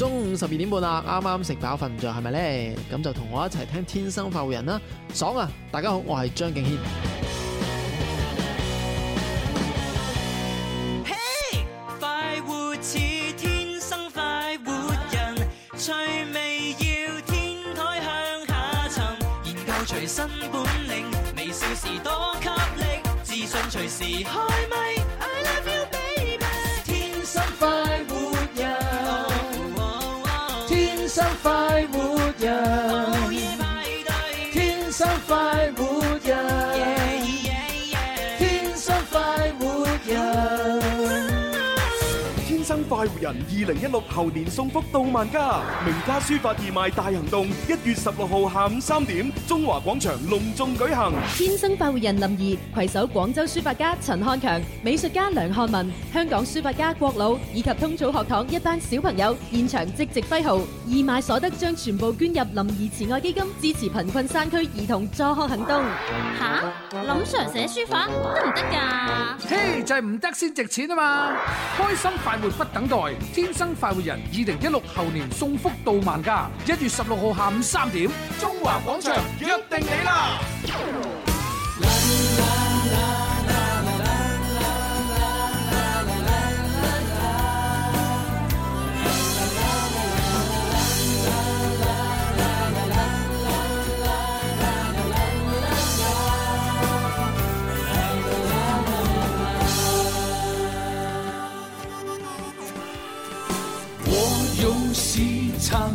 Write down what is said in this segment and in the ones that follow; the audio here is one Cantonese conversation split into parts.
中午十二點半啦，啱啱食飽瞓唔著係咪呢？咁就同我一齊聽天生快活人啦，爽啊！大家好，我係張敬軒。嘿 Hey, Hey,，快活似天生快活人，趣味 Hey. 要天台向下沉，研究隨身本領，微笑時多吸力，自信隨時開咪。快活人二零一六猴年送福到萬家，名家書法義賣大行動一月十六號下午三點，中華廣場隆重舉行。天生快活人林怡携手廣州書法家陳漢強、美術家梁漢文、香港書法家郭老以及通草學堂一班小朋友，現場即席揮毫，義賣所得將全部捐入林怡慈愛基金，支持貧困山區兒童助學行動。吓、啊，林 sir 寫書法行行 hey, 得唔得噶？嘿，就係唔得先值錢啊嘛！開心快活不等。代天生快活人，二零一六猴年送福到萬家。一月十六號下午三點，中華廣場約定你啦！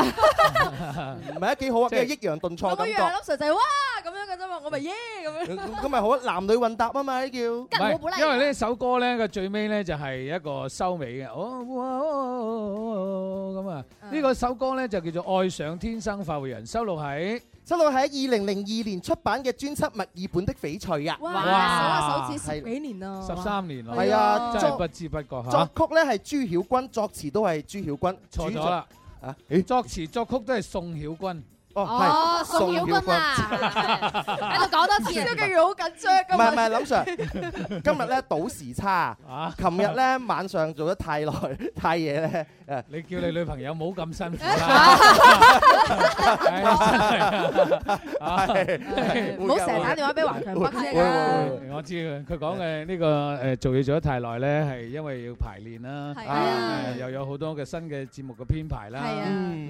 唔係啊，幾好啊，即係抑揚頓挫感覺。我原來粒石仔哇咁樣嘅啫嘛，我咪耶咁樣。咁咪好啊，男女混搭啊嘛，叫。因為呢首歌咧，個最尾咧就係一個收尾嘅。哦，咁啊，呢個首歌咧就叫做《愛上天生化為人》，收錄喺收錄喺二零零二年出版嘅專輯《墨爾本的翡翠》啊。哇！數下手指，十幾年咯，十三年咯。係啊，真係不知不覺吓。作曲咧係朱曉軍，作詞都係朱曉軍。錯咗啦。啊！作詞作曲都係宋曉君哦，係、哦、宋曉君啊！喺度、啊、 講多次，周敬如好緊張咁。唔係唔係，林 Sir， 今日咧倒時差，琴日咧晚上做得太耐太夜咧。 誒，你叫你女朋友冇咁辛苦。唔好成日打電話俾華強博士啦。我知佢，佢講嘅呢個誒，做嘢做得太耐咧，係因為要排練啦，啊，又有好多嘅新嘅節目嘅編排啦，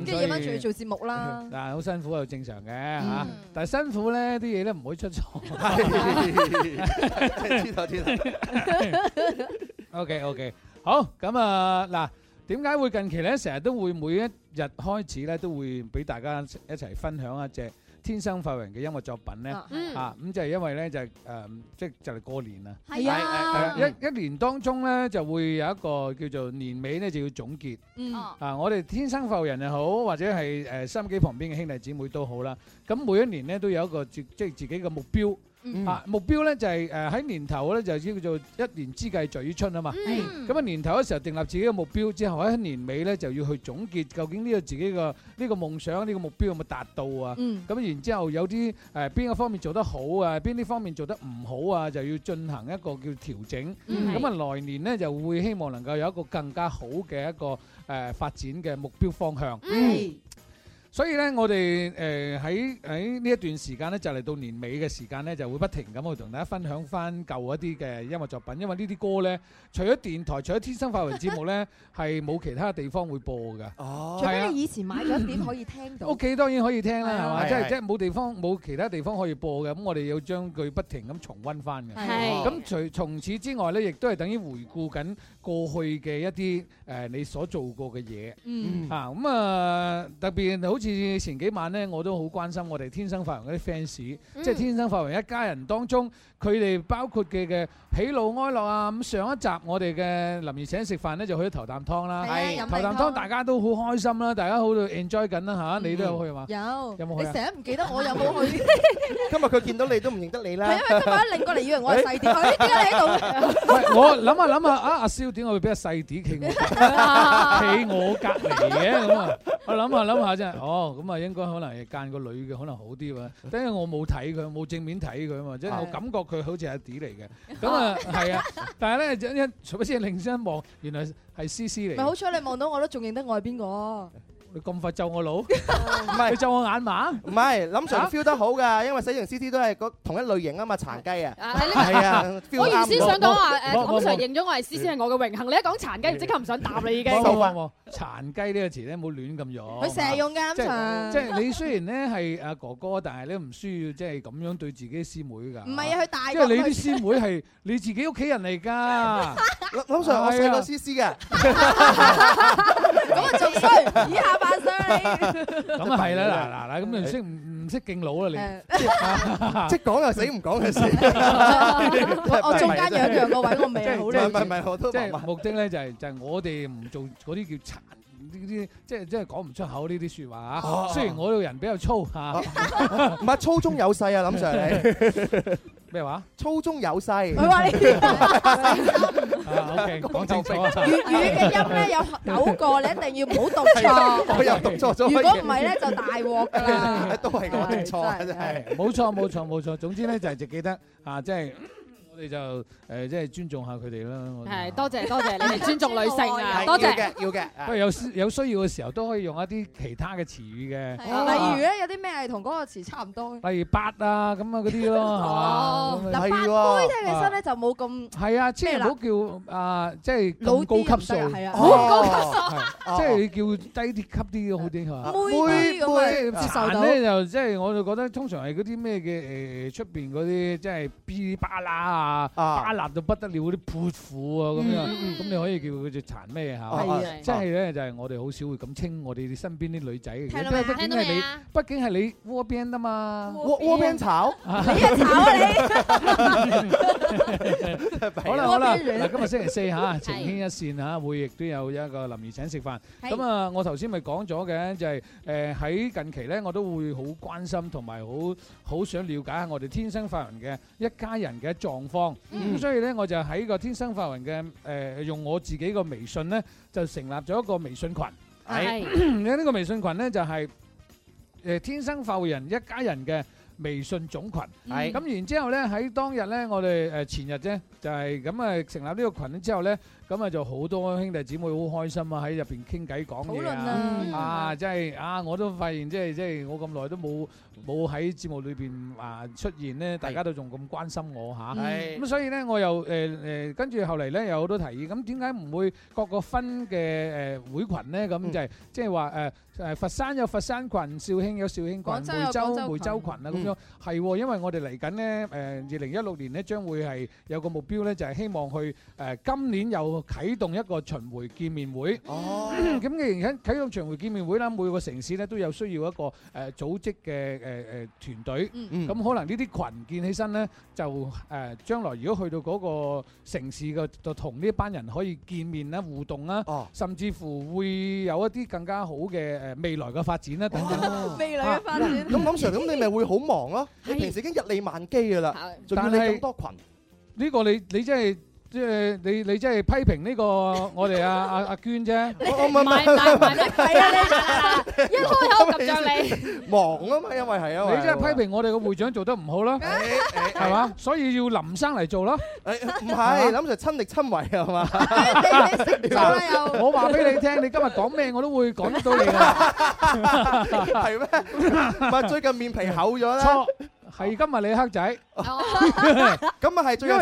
即係夜晚仲要做節目啦。但係，好辛苦又正常嘅吓。但係辛苦咧，啲嘢咧唔可以出錯。知道知道。OK，OK，好，咁啊嗱。點解會近期咧，成日都會每一日開始咧，都會俾大家一齊分享一隻天生快活人嘅音樂作品咧。啊，咁就係因為咧就係誒，即係就係過年啊。係啊，一一年當中咧，就會有一個叫做年尾咧，就要總結。嗯，啊，我哋天生快活人又好，或者係誒收音機旁邊嘅兄弟姊妹都好啦。咁每一年咧，都有一個即係自己嘅目標。嗯、啊！目標咧就係誒喺年頭咧就叫做一年之計在於春啊嘛。咁啊、嗯嗯、年頭嘅時候定立自己嘅目標之後，喺年尾咧就要去總結究竟呢個自己嘅呢、呢個夢想呢、呢個目標有冇達到啊？咁、嗯嗯、然之後有啲誒邊個方面做得好啊？邊啲方面做得唔好啊？就要進行一個叫調整。咁啊、嗯嗯、來年呢，就會希望能夠有一個更加好嘅一個誒、呃、發展嘅目標方向。嗯嗯。所以咧，我哋誒喺喺呢一段時間咧，就嚟到年尾嘅時間咧，就會不停咁去同大家分享翻舊一啲嘅音樂作品，因為呢啲歌咧，除咗電台，除咗天生快活人節目咧，係冇 其他地方會播噶。哦，除非你以前買咗點、嗯、可以聽到。屋企當然可以聽啦，係嘛的？即係即係冇地方冇其他地方可以播嘅，咁我哋要將佢不停咁重溫翻嘅。係的。咁、哦、除從此之外咧，亦都係等於回顧緊。過去嘅一啲誒，你所做過嘅嘢，啊咁啊，特別好似前幾晚咧，我都好關心我哋天生髮型嗰啲 fans，即係天生髮型一家人當中，佢哋包括嘅嘅喜怒哀樂啊咁。上一集我哋嘅林怡請食飯咧，就去咗頭啖湯啦，頭啖湯大家都好開心啦，大家好到 enjoy 緊啦嚇，你都有去嘛？有，有冇去啊？你成日唔記得，我有冇去？今日佢見到你都唔認得你啦。係因為今日拎過嚟以為我係細啲，點解你喺度？我諗下諗下，阿阿少。點解會俾阿細 Dee 傾喎？企 我隔離嘅咁啊！我諗下諗下啫，哦，咁啊應該可能係間個女嘅可能好啲喎。因為我冇睇佢，冇正面睇佢啊嘛，即係我感覺佢好似阿 Dee 嚟嘅。咁啊，係啊，但係咧一一，除非先另聲望，原來係 C C 嚟。咪好彩你望到我都仲認得我係邊個？你咁快咒我老？唔係咒我眼盲？唔係，林 Sir feel 得好噶，因為使用 C T 都係個同一類型啊嘛，殘雞啊。係啊，我原先想講話誒，林 Sir 認咗我係 C C 係我嘅榮幸。你一講殘雞，即刻唔想答你已經。殘雞呢個詞咧，唔好亂咁用。佢成日用㗎林 Sir。即係你雖然咧係阿哥哥，但係你唔需要即係咁樣對自己師妹㗎。唔係啊，佢大。即係你啲師妹係你自己屋企人嚟㗎。林 Sir，我係個 C C 嘅。咁啊，仲衰，以下。咁啊係啦，嗱嗱嗱，咁你唔識唔唔識敬老啦你，即係講又死事哈哈哈哈，唔講又死。我中間有個位，我未好靚。唔唔唔，我都目的咧就係、是、就係、是、我哋唔做嗰啲叫殘啲，即係即係講唔出口呢啲説話啊。雖然我個人比較粗嚇，唔係粗中有細啊，林 Sir，你咩話？粗中有細、啊。 麼 Uh, okay, 講清楚，粵語嘅音咧有九個， 你一定要唔好讀錯。 我又讀錯咗。 如果唔係咧，就大鑊㗎啦。都係我嘅錯，係冇錯，冇錯，冇錯。總之咧，就係記記得啊，即係。你就誒即係尊重下佢哋啦。係，多謝多謝，你尊重女性啊！多謝，要嘅，要嘅。不過有有需要嘅時候都可以用一啲其他嘅詞語嘅，例如咧有啲咩係同嗰個詞差唔多？例如八啊，咁啊，嗰啲咯。哦，嗱，八開咧其實咧就冇咁。係啊，即係唔好叫啊，即係咁高級數。係啊，唔高級數。即係叫低啲級啲好啲係嘛？妹接受到咧就即係我就覺得通常係嗰啲咩嘅誒出邊嗰啲即係 B 八啦啊。啊！巴辣到不得了嗰啲潑婦啊，咁樣，咁你可以叫佢隻殘咩嚇？即係咧，就係我哋好少會咁稱我哋身邊啲女仔嘅。係咯，睇到未啊？畢竟係你窩邊啊嘛，窩窩邊炒，你炒啊你！好啦好啦，今日星期四嚇，情牽一線嚇，會亦都有一個林如請食飯。咁啊，我頭先咪講咗嘅，就係誒喺近期咧，我都會好關心同埋好好想了解下我哋天生快活人嘅一家人嘅狀放咁，所以咧我就喺個天生快活人嘅，誒，用我自己個微信咧就成立咗一個微信群。係，咁呢個微信群咧就係誒天生快活人一家人嘅微信總群。係，咁然之後咧喺當日咧，我哋誒前日啫，就係咁啊成立呢個群之後咧。咁啊，就好多兄弟姊妹好開心啊，喺入邊傾偈講嘢啊，啊，即係啊，我都發現即係即係我咁耐都冇冇喺節目裏邊啊出現咧，大家都仲咁關心我嚇，係咁所以咧，我又誒誒跟住後嚟咧有好多提議，咁點解唔會各個分嘅誒會羣咧？咁就係即係話誒誒佛山有佛山羣，肇慶有肇慶羣，梅州梅州羣啊咁樣，係因為我哋嚟緊咧誒二零一六年咧將會係有個目標咧，就係希望去誒今年有。啟動一個巡迴見面會，咁嘅，啟動巡迴見面會啦。每個城市咧都有需要一個誒組織嘅誒誒團隊。咁可能呢啲群建起身咧，就誒將來如果去到嗰個城市嘅，就同呢班人可以見面啦、互動啦，甚至乎會有一啲更加好嘅誒未來嘅發展啦。等等，未來嘅發展。咁，林 Sir，咁你咪會好忙咯？你平時已經日理萬機噶啦，仲要理咁多群。呢個你你真係。即係你你即係批評呢個我哋阿阿阿娟啫，我唔係唔係一開口咁著你忙啊嘛，因為係啊嘛，你即係批評我哋嘅會長做得唔好咯，係嘛？所以要林生嚟做咯，唔係諗住親力親為啊係嘛？我話俾你聽，你今日講咩我都會講得到你嘅，係咩？唔係最近面皮厚咗啦。係今日你黑仔，咁啊係最因，因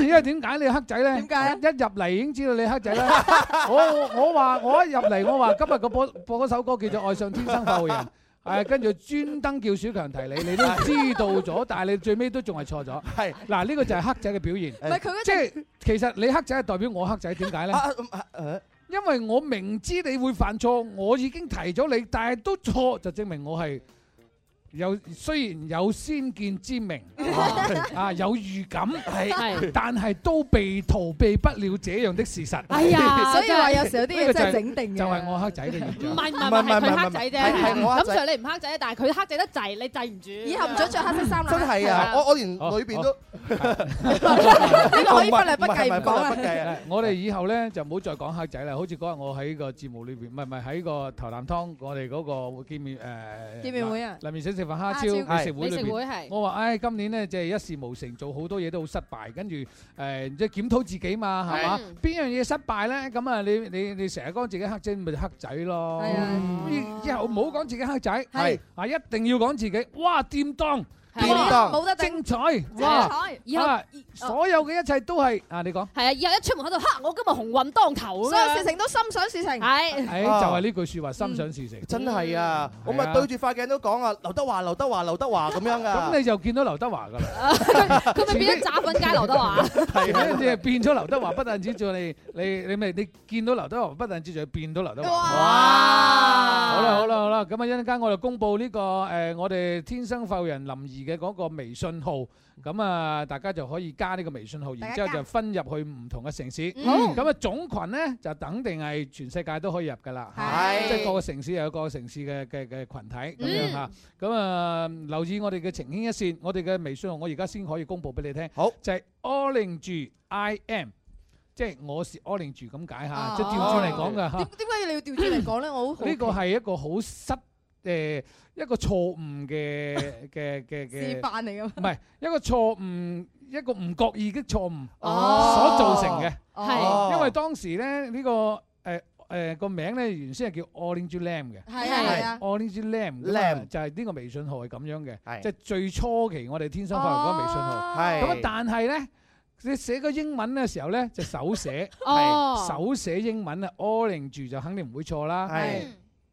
為因為點解你黑仔咧？點解？一入嚟已經知道你黑仔啦。 我我話我一入嚟，我話今日個播播嗰首歌叫做《愛上天生快活人》，誒、 啊，跟住專登叫小強提你，你都知道咗， 但係你最尾都仲係錯咗。係嗱、 啊，呢、這個就係黑仔嘅表現。即係、 就是、其實你黑仔係代表我黑仔，點解咧？因為，我明知你會犯錯，我已經提咗你，但係都錯，就證明我係。有雖然有先見之明，啊有預感係，但係都被逃避不了這樣的事實。哎呀，所以話有時有啲嘢真係整定嘅，就係我黑仔嘅。唔係唔係唔係佢黑仔啫，咁上你唔黑仔，但係佢黑仔得滯，你滯唔住。以後唔准著黑色衫啦。真係啊！我我連裏邊都呢個可以不嚟不計講啦。我哋以後咧就唔好再講黑仔啦。好似嗰日我喺個節目裏邊，唔係唔係喺個頭啖湯，我哋嗰個會見面誒。見面會啊！裏面寫。食飯蝦超美食會裏邊，我話，唉，今年咧即係一事無成，做好多嘢都好失敗，跟住誒即係檢討自己嘛，係嘛？邊樣嘢失敗咧？咁啊，你你你成日講自己黑仔，咪黑仔咯？以後唔好講自己黑仔，係啊，一定要講自己，哇，掂當！冇得精彩，精彩！以後所有嘅一切都係啊！你講係啊！以後一出門喺度，哈！我今日鴻運當頭，所有事情都心想事成。係，就係呢句説話，心想事成，真係啊！我咪對住塊鏡都講啊！劉德華，劉德華，劉德華咁樣噶。咁你就見到劉德華噶啦？佢咪變咗炸粉街劉德華？係啊，即係變咗劉德華，不但止做你，你你咪你見到劉德華，不但止仲變到劉德華。哇！好啦好啦好啦，咁啊一陣間我哋公佈呢個誒，我哋天生浮人林怡嘅嗰個微信號，咁啊，大家就可以加呢個微信號，然之後就分入去唔同嘅城市。咁啊，總群咧就肯定係全世界都可以入噶啦。係，即係各個城市又有各個城市嘅嘅嘅羣體咁樣嚇。咁啊，留意我哋嘅情牽一線，我哋嘅微信號，我而家先可以公布俾你聽。好，就係 Alling 住 I am，即係我是 Alling 住咁解嚇，即係調轉嚟講㗎。點點解要你要調轉嚟講咧？我好，呢個係一個好失。誒一個錯誤嘅嘅嘅嘅示範嚟㗎，唔係一個錯誤，一個唔覺意嘅錯誤所造成嘅。係，因為當時咧呢個誒誒個名咧原先係叫 Orange Lam 嘅，係啊係啊 Orange Lam，Lam 就係呢個微信號係咁樣嘅，係即係最初期我哋天生發嗰個微信號，係咁啊。但係咧，你寫個英文嘅時候咧就手寫，係手寫英文啊 Orange 就肯定唔會錯啦，係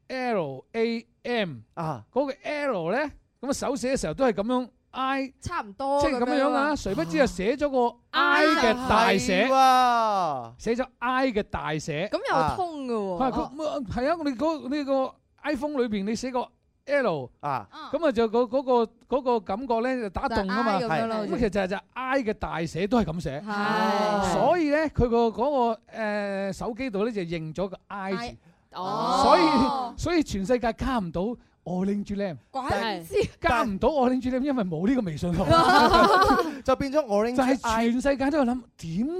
L A M 啊，嗰個 L 咧，咁啊手寫嘅時候都係咁樣 I，差唔多，即係咁樣樣啊！誰不知啊寫咗個 I 嘅大寫喎，寫咗 I 嘅大寫，咁又通㗎喎，係啊！你嗰呢個 iPhone 裏邊你寫個 L 啊，咁啊就嗰嗰個嗰個感覺咧就打動啊嘛，咁其實就係就係 I 嘅大寫都係咁寫，所以咧佢個嗰個誒手機度咧就認咗個 I 字。哦，所以所以全世界加唔到 Orange Lam，怪事是加唔到 Orange Lam，因為冇呢個微信號， 就變咗成 Orange。就係全世界都喺度諗，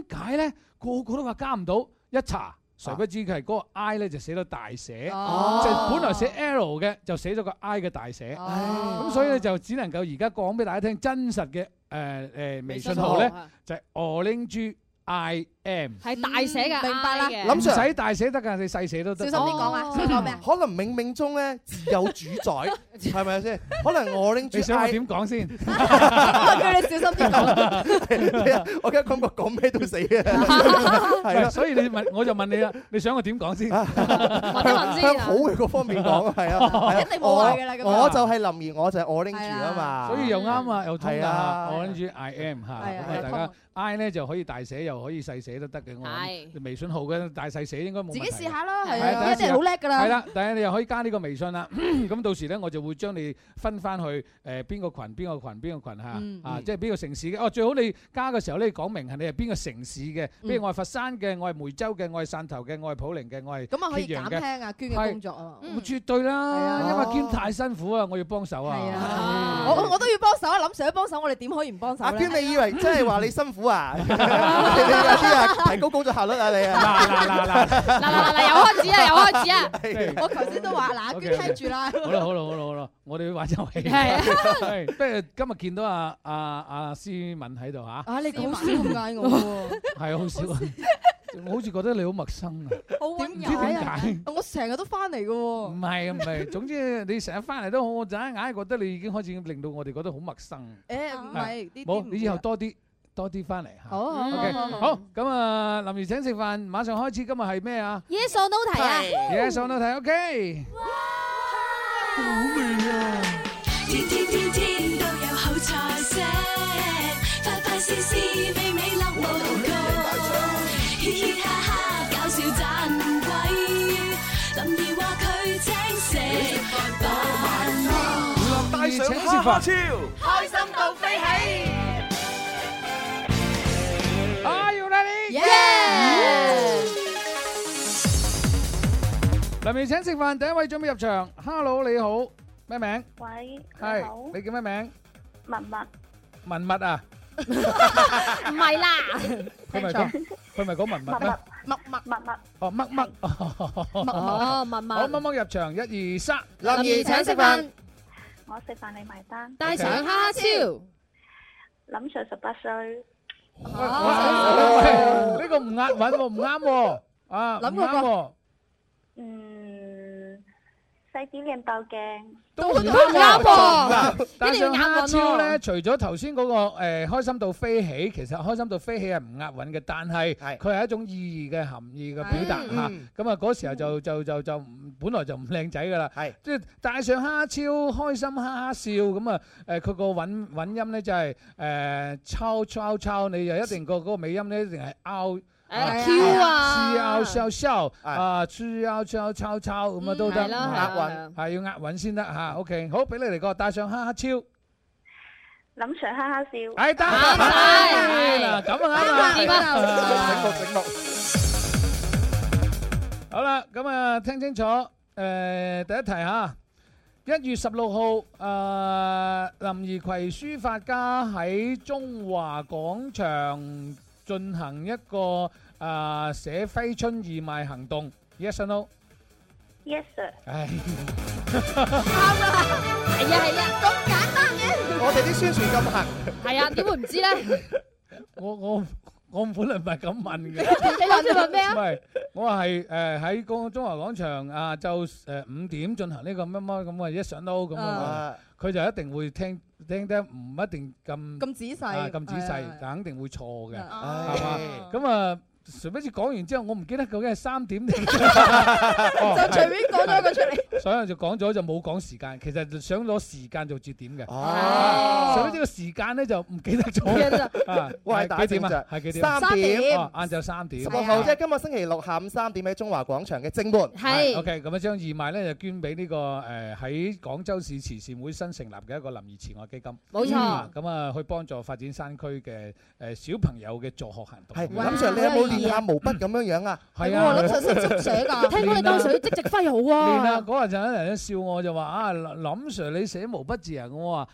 點解咧？個個都話加唔到，一查，誰不知佢係嗰個 I 咧就寫咗大寫，啊、就本來寫 L 嘅，就寫咗個 I 嘅大寫。咁、啊、所以呢就只能夠而家講俾大家聽，真實嘅誒誒微信號咧，就係、是、Orange I。M 係大寫㗎，明白啦。唔使大寫得㗎，你細寫都得。小心啲講啊！可能冥冥中咧有主宰，係咪先？可能我拎住想我點講先？我叫你小心啲講。我而家講乜講咩都死嘅，係啦。所以你問，我就問你啦。你想我點講先？喺好嘅方面講，係啊，一定冇錯嘅啦。我就係林怡，我就係我拎住啊嘛。所以又啱啊，又通達。我拎住 I M 嚇，咁啊大家 I 咧就可以大寫，又可以細寫。都得嘅，我微信號嘅大細寫應該冇。自己試下咯，係啊，一定好叻噶啦。係啦，但係你又可以加呢個微信啦。咁到時咧，我就會將你分翻去誒邊個群，邊個群，邊個群吓啊，即係邊個城市嘅。哦，最好你加嘅時候咧，講明係你係邊個城市嘅，譬如我係佛山嘅，我係梅州嘅，我係汕頭嘅，我係普寧嘅，我係揭陽嘅。咁啊，可以減輕阿娟嘅工作啊，絕對啦，因為娟太辛苦啊，我要幫手啊，我我都要幫手啊，諗住幫手，我哋點可以唔幫手咧？阿娟，你以為真係話你辛苦啊？提高工作效率啊！你啊，嗱嗱嗱嗱嗱嗱嗱，又開始啊！又開始啊！我頭先都話嗱，娟，聽住啦。好啦好啦好啦好啦，我哋玩遊戲。係，不如今日見到阿阿阿思敏喺度吓。啊，你好少嗌我嘅。係好少，我好似覺得你好陌生啊。好溫雅啊！我成日都翻嚟嘅。唔係唔係，總之你成日翻嚟都好，我就硬係覺得你已經開始令到我哋覺得好陌生。誒唔係，啲冇，你以後多啲。多啲翻嚟吓。好，Okay. 好咁啊、嗯！林如請食飯，馬上開始。今日係咩啊？耶 Yes, no,！上到台啊！耶！上到台，OK。哇！好味啊！天天天天都有好彩色，快快事事美美樂無窮。你你嘻嘻哈哈搞笑賺鬼。林如話佢青蛇，快樂帶上他。超開心到飛起。林儀請食飯，第一位準備入場。Hello，你好，咩名？喂，係。你叫咩名？文文，文文啊？唔係啦，佢咪講，佢咪講文文。文文，文文，哦，文文，哦，文文。好，文文入場，一二三，林儀請食飯，我食飯你埋單，大腸叉燒，林 Sir 十八歲。啊，呢個唔押韻，唔啱，啊，諗到。嗯，細仔靚爆鏡，都啱喎。帶、啊、 上蝦超咧，除咗頭先嗰個誒、呃、開心到飛起，其實開心到飛起係唔押韻嘅，但係佢係一種意義嘅含義嘅表達吓。咁對啊嗰時候就就就就，就本來就唔靚仔噶啦，即係帶上蝦超開心哈哈笑咁啊い！誒，佢個韻韻音咧就係、是、誒，抽抽抽，你就一定、那個嗰個尾音咧一定係拗。Q 啊！Show show show！啊，show show show show 咁啊都得，押韻係要押韻先得吓。OK，好，俾你嚟個帶上哈哈超，諗上哈哈笑。哎，得晒。嗱，咁啊嘛，醒目醒目。好啦，咁啊，聽清楚。誒，第一題吓，一月十六號，誒，林宜葵書法家喺中華廣場進行一個。啊！寫揮春義賣行動，yes or no？Yes sir。唉，啱啦，係呀係呀，咁簡單嘅。我哋啲宣傳咁行，係呀，點會唔知咧？我我我本嚟唔係咁問嘅。你你話你問咩啊？唔係，我話係誒喺公中華廣場啊，就誒五點進行呢個乜乜咁嘅 yes or no 咁嘅，佢就一定會聽聽得，唔一定咁咁仔細，咁仔細，但肯定會錯嘅，係嘛？咁啊。除非是講完之後，我唔記得究竟係三點定就隨便講咗一個出嚟。所以就講咗就冇講時間，其實就想攞時間做節點嘅。哦，除非呢個時間咧就唔記得咗。啊，哇，幾點啊？係幾點？三點。哦，晏晝三點。十六號，即係今日星期六下午三點喺中華廣場嘅正門。係。OK，咁啊將義賣咧就捐俾呢個誒喺廣州市慈善會新成立嘅一個林義慈愛基金。冇錯。咁啊去幫助發展山區嘅誒小朋友嘅助學行動。係。咁就你有冇？啊毛筆咁樣樣啊，係啊，啊，啊、那個、啊，林 Sir 識唔識寫噶，聽講你當時都即席揮毫啊。嗰陣就有人笑我，就話啊，林 Sir 你寫毛筆字啊，我話。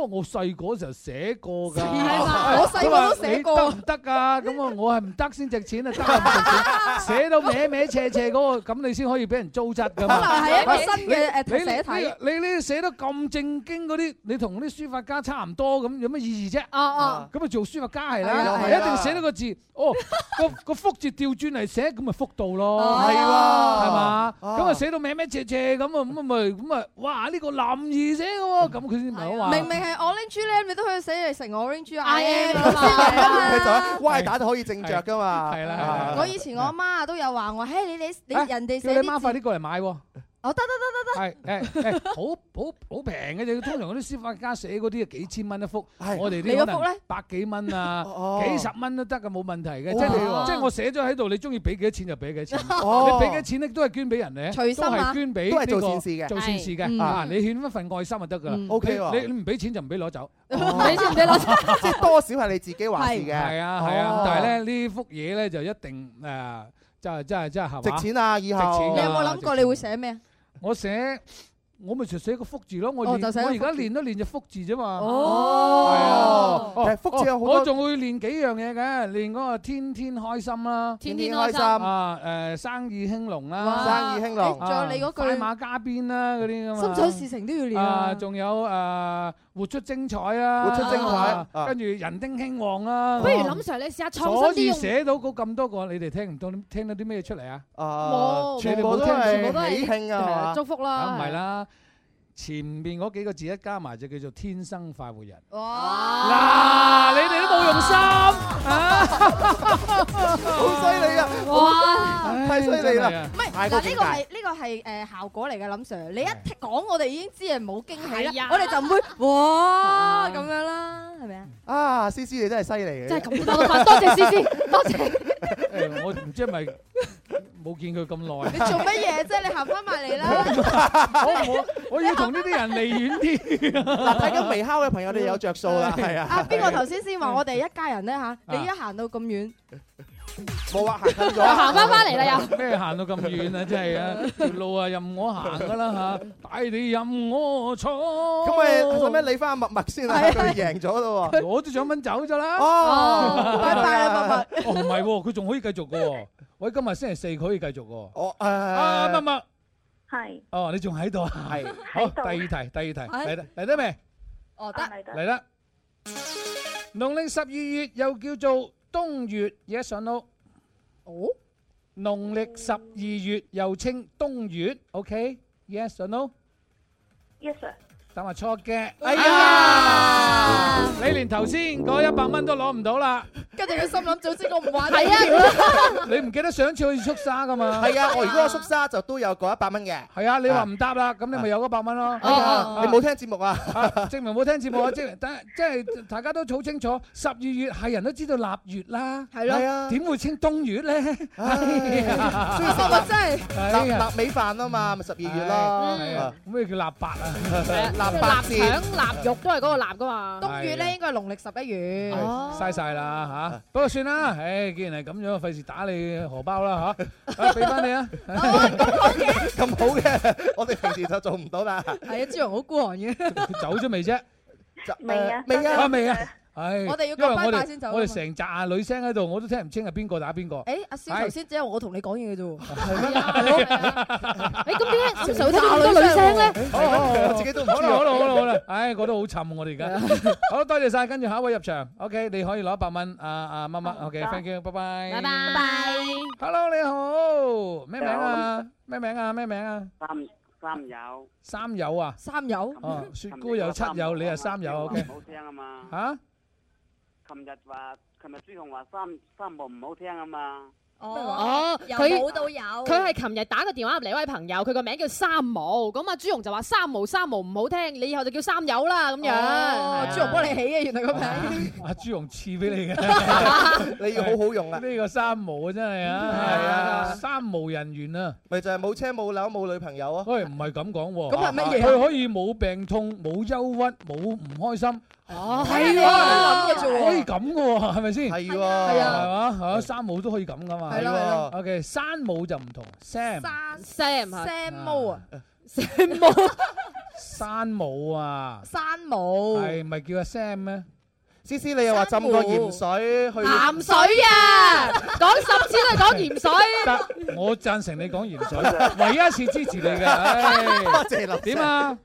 我細個嗰時候寫過㗎，我細個都寫過。得唔得啊？咁啊，我係唔得先值錢啊！寫到歪歪斜斜嗰個，咁你先可以俾人糟質㗎嘛。可能係一個新嘅誒寫體。你呢寫得咁正經嗰啲，你同啲書法家差唔多咁，有咩意義啫？啊啊！咁啊做書法家係啦，一定寫到個字哦，個個福字調轉嚟寫，咁咪福到咯，係喎，係嘛？咁啊寫到歪歪斜斜咁啊，咁咪咁咪哇！呢個林兒寫嘅喎，咁佢先唔係好話。明明。其實我拎珠咧，你都可以寫嚟食我 ring 珠啊！Y 打都可以正着噶嘛，我以前我阿媽都有話我，的嘿你你你、欸、人哋寫啲字叫你媽快啲過嚟買喔。哦，得得得得得，係，好好好平嘅啫。通常嗰啲書法家寫嗰啲啊，幾千蚊一幅，我哋啲百幾蚊啊，幾十蚊都得噶，冇問題嘅。即係你，即係我寫咗喺度，你中意俾幾多錢就俾幾多錢。你俾幾多錢都係捐俾人哋，都係捐俾，都係做善事嘅，做善事嘅。啊，你獻一份愛心就得噶啦，OK 你你唔俾錢就唔俾攞走，俾錢唔俾攞走，即係多少係你自己話事嘅。係啊係啊，但係咧呢幅嘢咧就一定誒，就係真係真係，值錢啊！以後值錢啊，你有冇諗過你會寫咩？我寫我咪就寫個福字咯，我我而家練都練就福字啫嘛。練練哦，係啊、哦，福字有好、哦、我仲會練幾樣嘢嘅，練嗰個天天開心啦，天天開心啊，誒、啊呃，生意興隆啦、啊，哇生意興隆。仲、哎、有你嗰句、啊、快馬加鞭啦嗰啲咁啊，嘛心想事成都要練啊，仲、啊、有誒。呃活出精彩啊！活出精彩，跟住人丁興旺啊！不如林 sir、啊、你試下創新啲用所以寫到咁多個，你哋聽唔到，聽到啲咩出嚟啊？我、啊全，啊、全部都係喜慶啊！啊是祝福、啊、是啦，唔係啦。前面嗰幾個字一加埋就叫做天生快活人。哇！嗱，你哋都冇用心啊，好犀利啊！哇！太犀利啦！唔係嗱，呢個係呢個係誒效果嚟嘅，林 Sir。你一講我哋已經知係冇驚喜啦，我哋就唔會哇咁樣啦，係咪啊？啊，思思你真係犀利嘅，真係咁多，多謝思思，多謝。我唔知係咪。冇見佢咁耐。你做乜嘢啫？你行翻埋嚟啦！我我我要同呢啲人離遠啲。嗱，睇緊微烤嘅朋友，你有着數啦，係啊。啊，邊個頭先先話我哋一家人咧嚇？你一行到咁遠，冇話行得咗。又行翻翻嚟啦又。咩行到咁遠啊？真係啊！條路啊任我行噶啦嚇，帶你任我闖。咁咪做咩理翻默默先啊？佢贏咗咯喎，攞啲獎品走咗啦。哦，拜拜啦默默。哦唔係喎，佢仲可以繼續嘅喎。喂，今日星期四可以繼續喎。我啊，乜乜，係。哦，你仲喺度啊？係。好。第二題，第二題，嚟得嚟得未？哦得。嚟得。農曆十二月又叫做冬月，yes or no？哦。農曆十二月又稱冬月，ok？Yes or no？Yes, sir. 等下錯嘅，哎呀，你連頭先嗰一百蚊都攞唔到啦！跟住佢心諗，早知我唔玩。係啊！你唔記得上次好似縮沙噶嘛？係啊！我如果縮沙就都有嗰一百蚊嘅。係啊！你話唔搭啦，咁你咪有嗰一百蚊咯。你冇聽節目啊？證明冇聽節目啊！即係即係大家都好清楚，十二月係人都知道臘月啦。係咯。係啊！點會稱冬月咧？所以生我真係臘臘味飯啊嘛，咪十二月咯。咩叫臘八啊？臘腸臘肉都係嗰個臘噶嘛，冬月咧，應該係農曆十一月。哦，嘥晒啦吓。不過算啦，唉，既然係咁樣，費事打你荷包啦吓，俾翻你啊。咁好嘅，咁好嘅，我哋平時就做唔到啦。係啊，朱榮好孤寒嘅，走咗未啫？未啊，未啊，啊未啊。我哋要關翻帶先，就我哋成扎啊女聲喺度，我都聽唔清係邊個打邊個。誒，阿 Sir 頭先只有我同你講嘢嘅啫。誒，咁點解咁少咁多女聲咧？好，我自己都好啦，好啦，好啦。唉，我都好沉，我哋而家。好，多謝晒，跟住下一位入場。OK，你可以攞一百蚊。阿阿乜乜，OK，thank you，拜拜。拜拜。Hello，你好。咩名啊？咩名啊？咩名啊？三三友。三友啊？三友。哦，雪姑有七友，你係三友。OK。好聲啊嘛。吓？琴日話，琴日朱紅話三三毛唔好聽啊嘛。哦，佢佢係琴日打個電話入嚟，位朋友，佢個名叫三毛。咁啊，朱紅就話三毛三毛唔好聽，你以後就叫三友啦咁樣。哦，朱紅幫你起嘅，原來個名。阿朱紅賜俾你嘅，你要好好用啊。呢個三毛啊真係啊，係啊，三無人員啊，咪就係冇車冇樓冇女朋友啊。喂，唔係咁講喎，咁係乜嘢？佢可以冇病痛、冇憂鬱、冇唔開心。哦，係啊，咁嘅啫喎，可以咁嘅喎，係咪先？係喎，係啊，係嘛，啊，山姆都可以咁噶嘛。係咯。O K，山姆就唔同，Sam，Sam，Sam，Mo 啊，Sam，Mo，山姆啊，山姆，係咪叫阿 Sam 咩？思思，你又話浸過鹽水去？鹽水啊，講十次都係講鹽水。得，我贊成你講鹽水，唯一一次支持你嘅。多謝啦。點啊？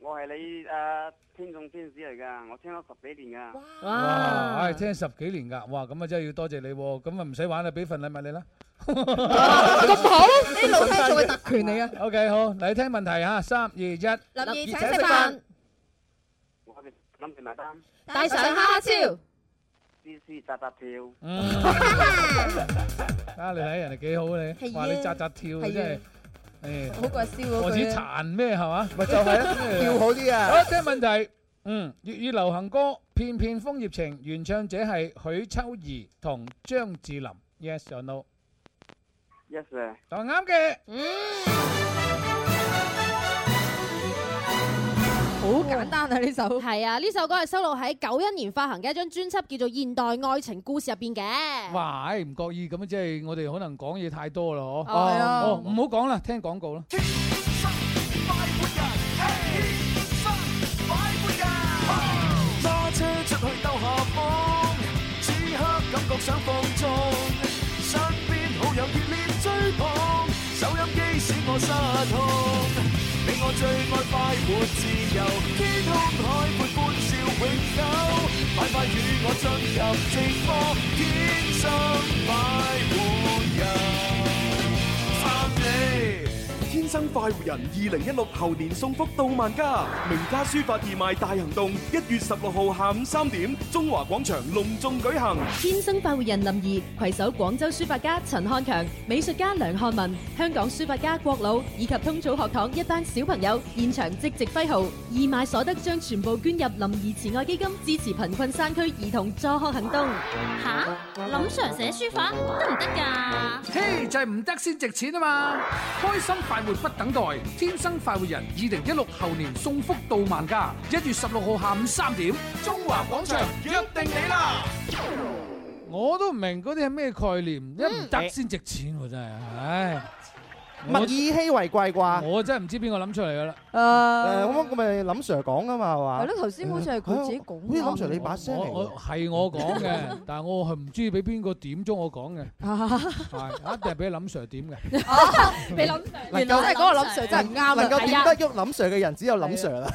我係你阿。聽眾天使嚟噶，我聽咗十幾年噶，哇，唉聽十幾年噶，哇，咁啊真係要多謝你，咁啊唔使玩啦，俾份禮物你啦，咁好，你老細做嘅特權嚟嘅。OK，好，嚟聽問題吓，三二一，林儀請食飯，我諗住買單，帶上哈哈笑，滋滋扎扎跳，嗯，啊你睇人哋幾好你，哇你扎扎跳真係。好、 嗯嗯、怪笑啊！何止殘咩係嘛？咪就係咯，吊好啲啊！好，第一問題，嗯，粵語流行歌《片片楓葉情》，原唱者係許秋怡同張智霖。Yes or no？Yes sir.。同啱嘅。嗯！好簡單啊！呢首係啊，呢首歌係收錄喺九一年發行嘅一張專輯叫做《現代愛情故事》入邊嘅。哇！誒唔覺意咁啊，即係我哋可能講嘢太多咯，嗬。係啊，唔好講啦，聽廣告啦。活自由，天空海闊歡笑，永久，快快與我進入寂寞天生快活人。天生快活人二零一六猴年送福到萬家，名家書法義賣大行動一月十六號下午三點，中華廣場隆重舉行。天生快活人林怡携手廣州書法家陳漢強、美術家梁漢文、香港書法家郭老以及通草學堂一班小朋友，現場即席揮毫，義賣所得將全部捐入林怡慈愛基金，支持貧困山區兒童助學行動。吓、啊，林 sir 寫書法行行、啊、hey, 得唔得噶？嘿，就係唔得先值錢啊嘛！開心快活。不等待，天生快活人。二零一六猴年送福到萬家。一月十六號下午三點，中華廣場約定你啦。我都唔明嗰啲係咩概念，嗯、一唔得先你 值錢真係，唉、哎。唔係物以稀為貴啩，我真係唔知邊個諗出嚟嘅啦。誒誒，我我咪林 Sir 講噶嘛，係嘛？係咯，頭先好似係佢自己講。呢林 Sir，你把聲嚟。我係我講嘅，但係我係唔知俾邊個點咗我講嘅。係一定係俾林 Sir 點嘅。俾林 Sir，原來係嗰個林 Sir 真係唔啱。能夠點得喐林 Sir 嘅人只有林 Sir 啦。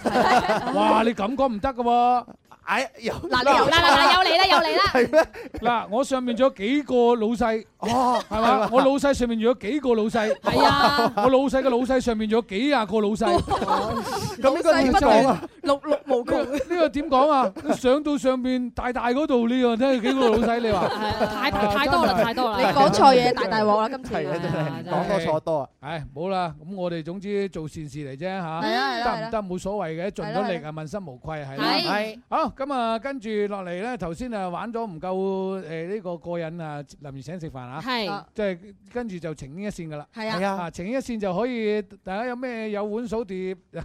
哇！你咁講唔得嘅喎。哎，又嗱，你又嗱嗱嗱，又嚟啦，又嚟啦，係咩？嗱，我上面仲有幾個老細，哦，係嘛？吧我老細上面仲有幾個老細。係 啊，我老細嘅老細上面仲有幾廿個老細。咁嘅嘢做啊，碌碌無窮。 點講啊？上到上邊大大嗰度，你又睇下幾個老細？你話係太太多啦，太多啦！你講錯嘢，大大鑊啦！今次係講多錯多啊！唉，冇啦，咁我哋總之做善事嚟啫吓，得唔得冇所謂嘅，盡咗力啊，問心無愧，係係。好，咁啊，跟住落嚟咧，頭先啊玩咗唔夠誒呢個過癮啊，臨時請食飯啊，係即係跟住就情牽一線噶啦，係啊，情牽一線就可以大家有咩有碗數碟，有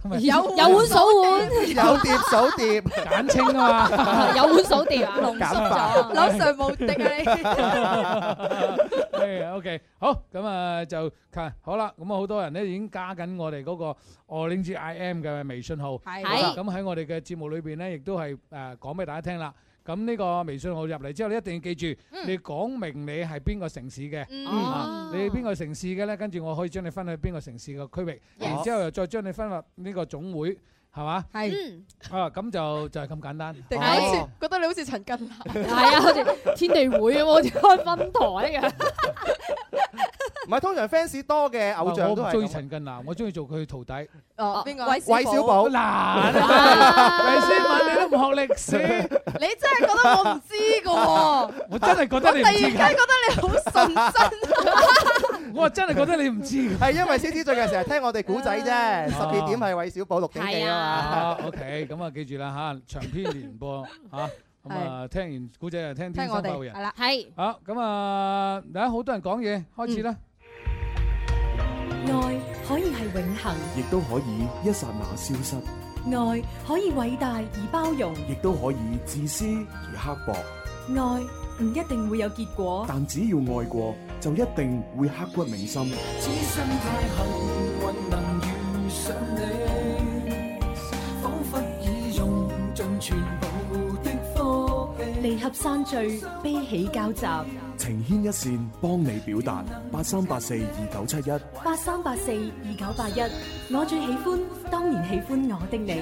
有碗數碗，有碟數碟。簡稱啊嘛，有碗手碟濃縮咗，樓上無敵啊你。OK，好，咁啊，就好啦。咁啊，好多人咧已經加緊我哋嗰個 Online Z I M 嘅微信號。係，咁喺我哋嘅節目裏邊咧，亦都係誒講俾大家聽啦。咁呢個微信號入嚟之後，你一定要記住，你講明你係邊個城市嘅，你邊個城市嘅咧，跟住我可以將你分去邊個城市嘅區域，然之後又再將你分入呢個總會。係嘛？係。嗯、啊，咁就就係、是、咁簡單。對啊、好覺得你好似陳近南，係啊， 好似天地會咁，好似開分台嘅。唔 係通常 fans 多嘅偶像都係。我中意陳近南，我中意做佢徒弟。哦、啊，邊個？韋小寶。嗱，係咪先？ 你都唔學歷史。 你真係覺得我唔知㗎喎？ 我真係覺得你。我突然間覺得你好純真。 我真係覺得你唔知，係因為詩詩最近成日聽我哋古仔啫。十二點係《韋小寶錄影記》啊嘛。O K，咁啊記住啦嚇，長篇連播嚇。咁啊，聽完古仔就聽《天生快活人》。聽我哋。係啦，係。啊，咁啊，大家好多人講嘢，開始啦。愛可以係永恆，亦都可以一剎那消失。愛可以偉大而包容，亦都可以自私而刻薄。愛唔一定會有結果，但只要愛過。就一定會刻骨銘心。此生太幸，運能遇上你。彷彿已用盡全部的科離合山聚，悲喜交集。情牽一線，幫你表達。八三八四二九七一，八三八四二九八一。我最喜歡，當然喜歡我的你。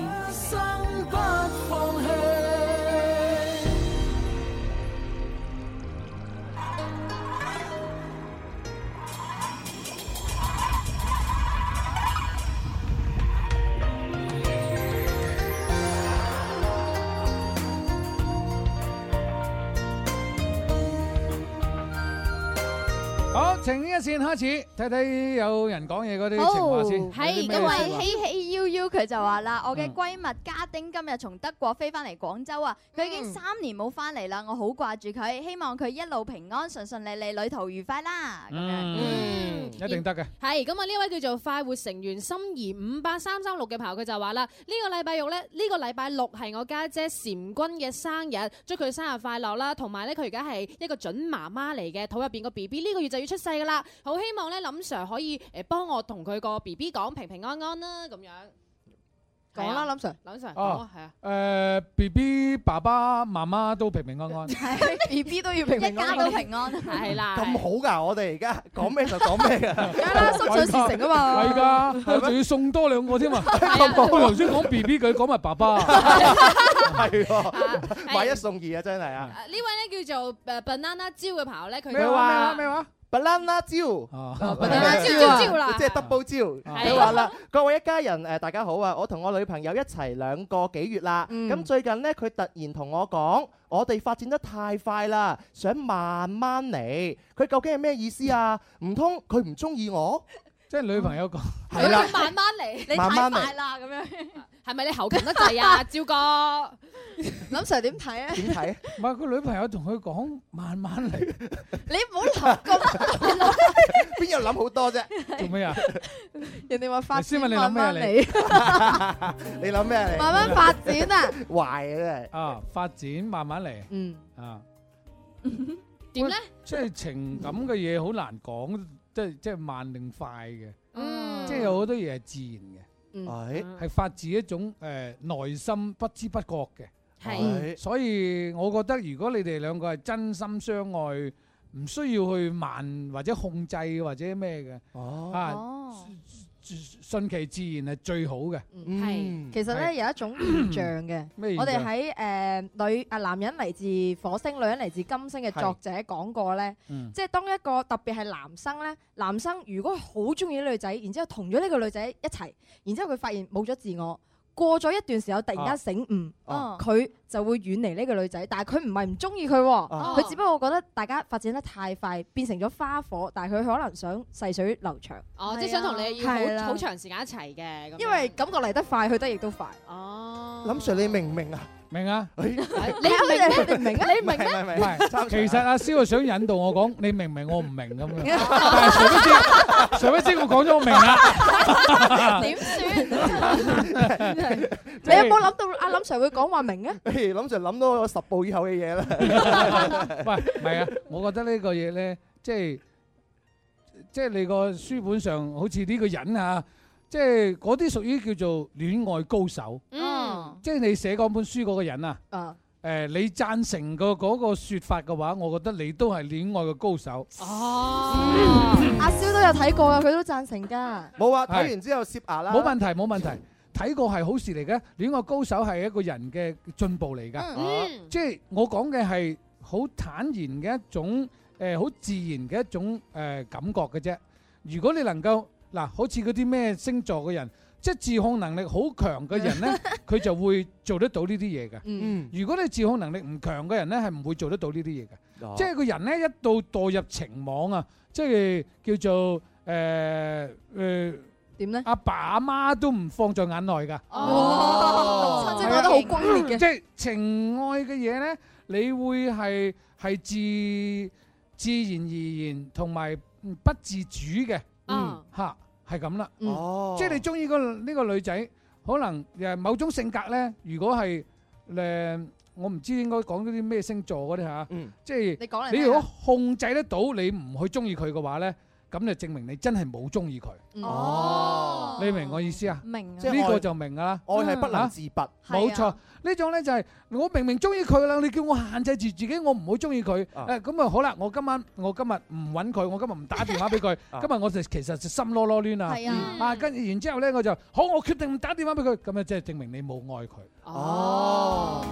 從呢一線開始，睇睇有人講嘢嗰啲情況好先。佢就話啦，我嘅閨蜜家丁今日從德國飛翻嚟廣州啊！佢已經三年冇翻嚟啦，我好掛住佢，希望佢一路平安順順利利，旅途愉快啦。咁樣嗯，嗯嗯一定得嘅。係咁啊，呢位叫做快活成員心儀五八三三六嘅朋友，佢就話啦，呢個、呢、呢個禮拜六咧，呢個禮拜六係我家姐蟬君嘅生日，祝佢生日快樂啦！同埋咧，佢而家係一個準媽媽嚟嘅，肚入邊個 B B 呢個月就要出世噶啦，好希望咧林 sir 可以誒幫、呃、我同佢個 B B 講平平安安，安啦咁樣。講啦，林 Sir，林 Sir 講啊，係、呃、啊，誒 B B 爸爸媽媽都平平安安，係 B B 都要平平安安， 一家都平安，係 啦，咁好噶，我哋而家講咩就講咩啊，而家啦，送上事成啊嘛，係㗎， 仲要送多兩個添啊，頭先講 B B 佢講埋爸爸，係喎，買一送二啊，真係 啊，位呢位咧叫做誒 banana 蕉嘅朋友咧，佢話咩話咩話？banana 蕉，蕉啦，即係 double 蕉，啊。你話啦， 各位一家人誒、呃，大家好啊！我同我女朋友一齊兩個幾月啦。咁、嗯、最近呢，佢突然同我講，我哋發展得太快啦，想慢慢嚟。佢究竟係咩意思啊？唔通佢唔中意我？即係女朋友講，係、啊、啦，慢慢嚟，你太快啦咁樣。慢慢 係咪你猴擒得滯啊？趙哥，林 Sir 點睇啊？點睇？唔係佢女朋友同佢講，慢慢嚟。你唔好諗咁多。邊有諗好多啫？做咩啊？人哋話發先問你諗咩嚟？你諗咩嚟？慢慢發展啊！壞嘅啊！發展慢慢嚟。嗯啊。點咧？即係情感嘅嘢好難講，即係即係慢定快嘅。嗯。即係有好多嘢係自然。係，係發自一種誒、呃、內心不知不覺嘅，係是，所以我覺得如果你哋兩個係真心相愛，唔需要去瞞或者控制或者咩嘅，啊啊、哦。順其自然係最好嘅。係、嗯，是其實咧有一種現象嘅。 象我哋喺誒女、啊，男人嚟自火星，女人嚟自金星嘅作者講過咧，是即係當一個特別係男生咧，男生如果好中意女仔，然之後同咗呢個女仔一齊，然之後佢發現冇咗自我。過咗一段時候，突然間醒悟，佢、啊啊、就會遠離呢個女仔。但係佢唔係唔中意佢，佢、啊、只不過覺得大家發展得太快，變成咗花火。但係佢可能想細水流長流，啊啊、即係想同你要好好、啊、長時間一齊嘅。因為感覺嚟得快，去得亦都快。啊、林 Sir，你明唔明啊？明啊！你明啊定唔明啊？你明啊？唔係，其實阿蕭係想引導我講，你明唔明？我唔明咁樣。上尉先，上尉先，我講咗我明啦。點算？你有冇諗到阿林 Sir 會講話明啊？林 Sir 諗到我十步以後嘅嘢啦。喂，唔係啊！我覺得呢個嘢咧，即係即係你個書本上好似呢個人啊，即係嗰啲屬於叫做戀愛高手。即係你寫嗰本書嗰個人啊，誒、uh. 呃，你贊成個嗰個說法嘅話，我覺得你都係戀愛嘅高手。哦，阿蕭都有睇過啊，佢都贊成噶。冇啊，睇完之後蝕牙啦。冇問題，冇問題，睇過係好事嚟嘅，戀愛高手係一個人嘅進步嚟噶。Uh. Uh. 即係我講嘅係好坦然嘅一種，誒、呃，好自然嘅一種誒、呃、感覺嘅啫。如果你能夠嗱、呃，好似嗰啲咩星座嘅人，即係自控能力好強嘅人咧，佢 就會做得到呢啲嘢嘅。嗯，如果你自控能力唔強嘅人咧，係唔會做得到呢啲嘢嘅。即係、哦、個人咧，一到墮入情網啊，即係叫做誒誒點咧？阿、呃呃、爸阿媽，媽都唔放在眼內㗎。哦，哦 親戚覺得好轟烈嘅。即係、嗯就是、情愛嘅嘢咧，你會係係自自然而然同埋不自主嘅。嗯，嚇、嗯。係咁啦，嗯、即係你中意呢個女仔，可能又某種性格咧。如果係誒、呃，我唔知應該講啲咩星座嗰啲嚇，嗯、即係你講你如果控制得到你，你唔去中意佢嘅話咧。咁就證明你真係冇中意佢。哦，你明我意思啊？明，即呢個就明啦。愛係不能自拔，冇錯。呢種咧就係我明明中意佢啦，你叫我限制住自己，我唔會中意佢。誒，咁啊好啦，我今晚我今日唔揾佢，我今日唔打電話俾佢。今日我就其實心囉囉攣啦。係啊，跟住然之後咧，我就好，我決定唔打電話俾佢。咁樣即係證明你冇愛佢。哦，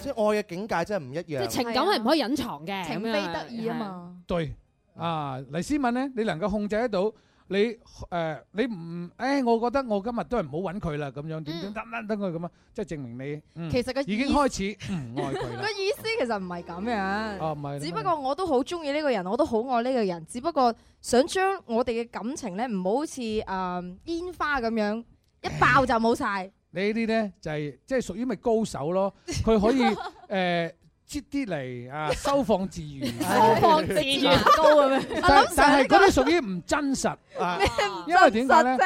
即係愛嘅境界真係唔一樣。即係情感係唔可以隱藏嘅，情非得已啊嘛。對。啊，黎思敏咧，你能夠控制得到你誒？你唔誒、呃哎？我覺得我今日都係唔好揾佢啦，咁樣點點得得等佢咁啊，即係證明你、嗯、其實嘅已經開始唔愛佢。 個意思其實唔係咁樣。哦、啊，唔係。只不過我都好中意呢個人，我都好愛呢個人，只不過想將我哋嘅感情咧，唔好好似誒煙花咁樣唉一爆就冇晒。你呢啲咧就係即係屬於咪高手咯，佢可以誒。 呃接啲嚟啊，收放自如，收放自如高咁樣。但係嗰啲屬於唔真實啊，因為點解咧？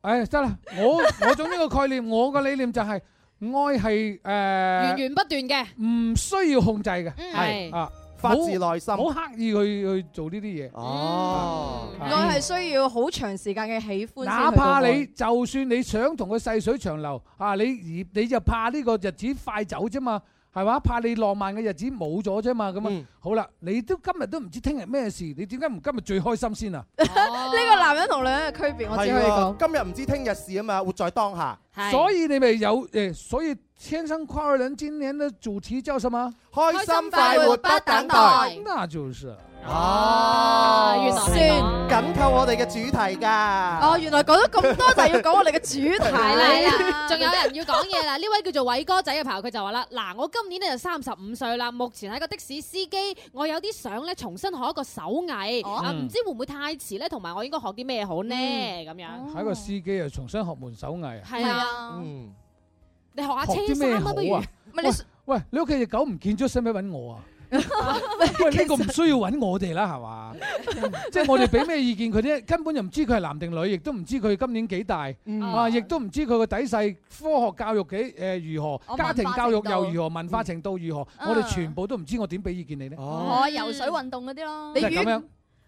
誒，得啦，我我總呢個概念，我個理念就係愛係誒源源不斷嘅，唔需要控制嘅，係啊，發自內心，好刻意去去做呢啲嘢。哦，愛係需要好長時間嘅喜歡，哪怕你就算你想同佢細水長流啊，你而你就怕呢個日子快走啫嘛。係嘛？怕你浪漫嘅日子冇咗啫嘛？咁啊，好啦，你都今日都唔知聽日咩事，你點解唔今日最開心先啊？呢、哦、 個男人同女人嘅區別，我只可以講，今日唔知聽日事啊嘛，活在當下，所以你咪有誒，所以。天生快活人，今年嘅主題叫什麼？開心快活不等待，那就是啊，預算緊扣我哋嘅主題噶。哦，原來講咗咁多，就要講我哋嘅主題啦。仲有人要講嘢啦？呢位叫做偉哥仔嘅朋友，佢就話啦：嗱，我今年呢就三十五歲啦，目前喺個的士司機，我有啲想咧重新學一個手藝，唔知會唔會太遲咧？同埋我應該學啲咩好呢？咁樣喺個司機又重新學門手藝啊？係啊，嗯。你學下車咩好啊？喂，你屋企隻狗唔見咗，使唔使搵我啊？喂，呢個唔需要搵我哋啦，係嘛？即係我哋俾咩意見，佢咧根本就唔知佢係男定女，亦都唔知佢今年幾大，啊，亦都唔知佢個底細，科學教育幾誒如何，家庭教育又如何，文化程度如何，我哋全部都唔知，我點俾意見你呢？哦，游水運動嗰啲咯，你咁樣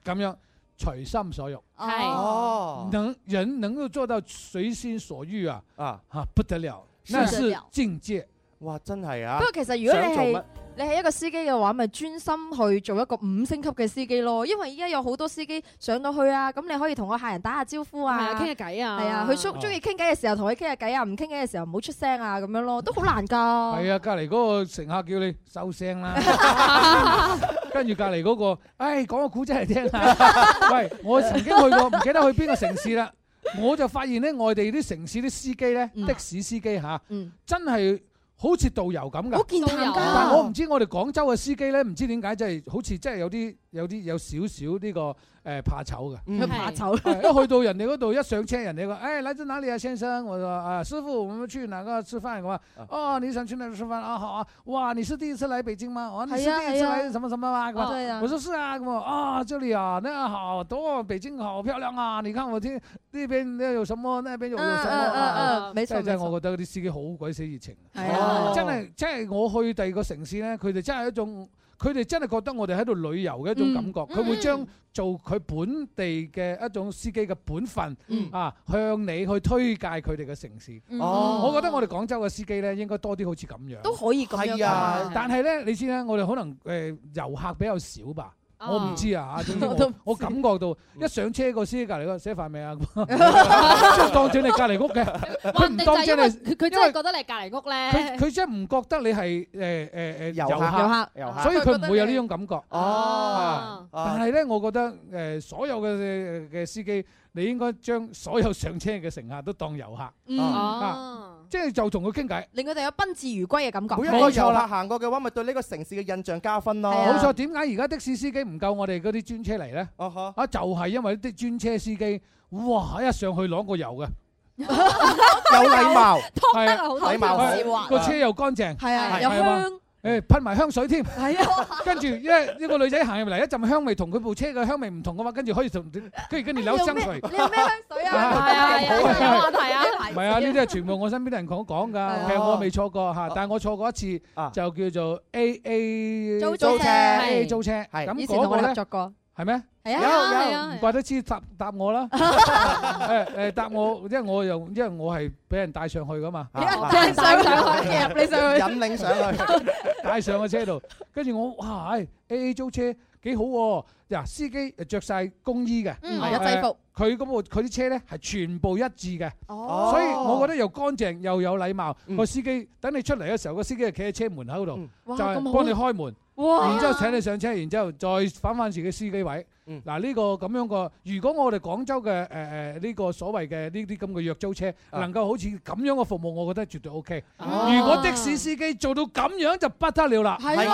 咁樣隨心所欲，係哦，能人能夠做到水先所欲啊，啊啊，不得了！咩係境界，哇！真係啊。不過其實如果你係你係一個司機嘅話，咪專心去做一個五星級嘅司機咯。因為而家有好多司機上到去啊，咁你可以同個客人打下招呼啊，傾下偈啊。係啊，佢中中意傾偈嘅時候同佢傾下偈啊，唔傾偈嘅時候唔好出聲啊，咁樣咯，都好難噶。係 啊，隔籬嗰個乘客叫你收聲啦，啊。 跟住隔籬嗰個，唉、哎，講個古仔嚟聽下。 喂，我曾經去過，過，唔記得去邊個城市啦。 我就發現咧，外地啲城市啲司機咧，嗯、的士司機嚇、啊，嗯、真係好似導遊咁㗎。好健談㗎。但我唔知我哋廣州嘅司機咧，唔知點解真係好似真係有啲。有啲有少少呢個誒怕醜嘅，一怕醜，一去到人哋嗰度一上車，人哋講：，誒來自哪裏啊，先生？我話：啊，師傅，我們去哪個吃飯？佢話：哦，你想去哪個吃飯？啊，好啊！哇，你是第一次嚟北京嗎？哦，你是第一次嚟什麼什麼嗎？佢話：，我話：，我說是啊，咁啊，這裡啊，呢好多北京好漂亮啊！你看我天，那邊那有什麼？那邊有有什麼？嗯嗯嗯嗯，沒錯。即係我覺得啲司機好鬼死熱情。係啊，真係即係我去第二個城市咧，佢哋真係一種。佢哋真係覺得我哋喺度旅遊嘅一種感覺，佢、嗯、會將做佢本地嘅一種司機嘅本分、嗯、啊向你去推介佢哋嘅城市。嗯哦、我覺得我哋廣州嘅司機咧應該多啲好似咁樣都可以講。係啊，但係呢，你知啦，我哋可能誒、呃、遊客比較少吧。我唔知啊，我我，我感覺到、嗯、一上車個司機隔離個寫塊名啊，即 當住你隔離屋嘅，佢唔當真你，佢真係覺得你隔離屋咧。佢佢真係唔覺得你係誒誒誒遊客，遊客所以佢唔會有呢種感覺。哦，啊、但係咧，我覺得誒、呃、所有嘅嘅司機，你應該將所有上車嘅乘客都當遊客。哦、嗯。啊即係就同佢傾偈，令佢哋有賓至如歸嘅感覺。冇錯啦，行過嘅話咪對呢個城市嘅印象加分咯。冇、啊、錯，點解而家的士司機唔夠我哋嗰啲專車嚟咧？啊啊、uh huh. 就係因為啲專車司機，哇一上去攞個油嘅， 有禮貌，係啊，禮貌個車又乾淨，係啊，又、啊、香。誒，噴埋香水添，係啊，跟住因為呢個女仔行入嚟，一陣香味同佢部車嘅香味唔同嘅話，跟住可以同跟住跟住扭香水，你咩香水啊？係啊，好啊，話啊，唔係啊，呢啲係全部我身邊啲人講講噶，係我未錯過吓，但係我錯過一次，就叫做 A A 租車，A 租車，係，以前同我合作過。係咩？有有，唔怪得之答答我啦。誒誒，答我，因為我又因為我係俾人帶上去㗎嘛。俾人帶上去嘅，你上去。引領上去，帶上個車度，跟住我哇，AA 租車幾好喎！嗱，司機誒着晒工衣嘅，嗯，係制服。佢嗰部佢啲車咧係全部一致嘅。所以我覺得又乾淨又有禮貌。個司機等你出嚟嘅時候，個司機係企喺車門口度，就係幫你開門。然之後請你上車，然之後再返返自己司機位。嗱呢個咁樣個，如果我哋廣州嘅誒誒呢個所謂嘅呢啲咁嘅約租車，能夠好似咁樣嘅服務，我覺得絕對 OK。如果的士司機做到咁樣就不得了啦，掂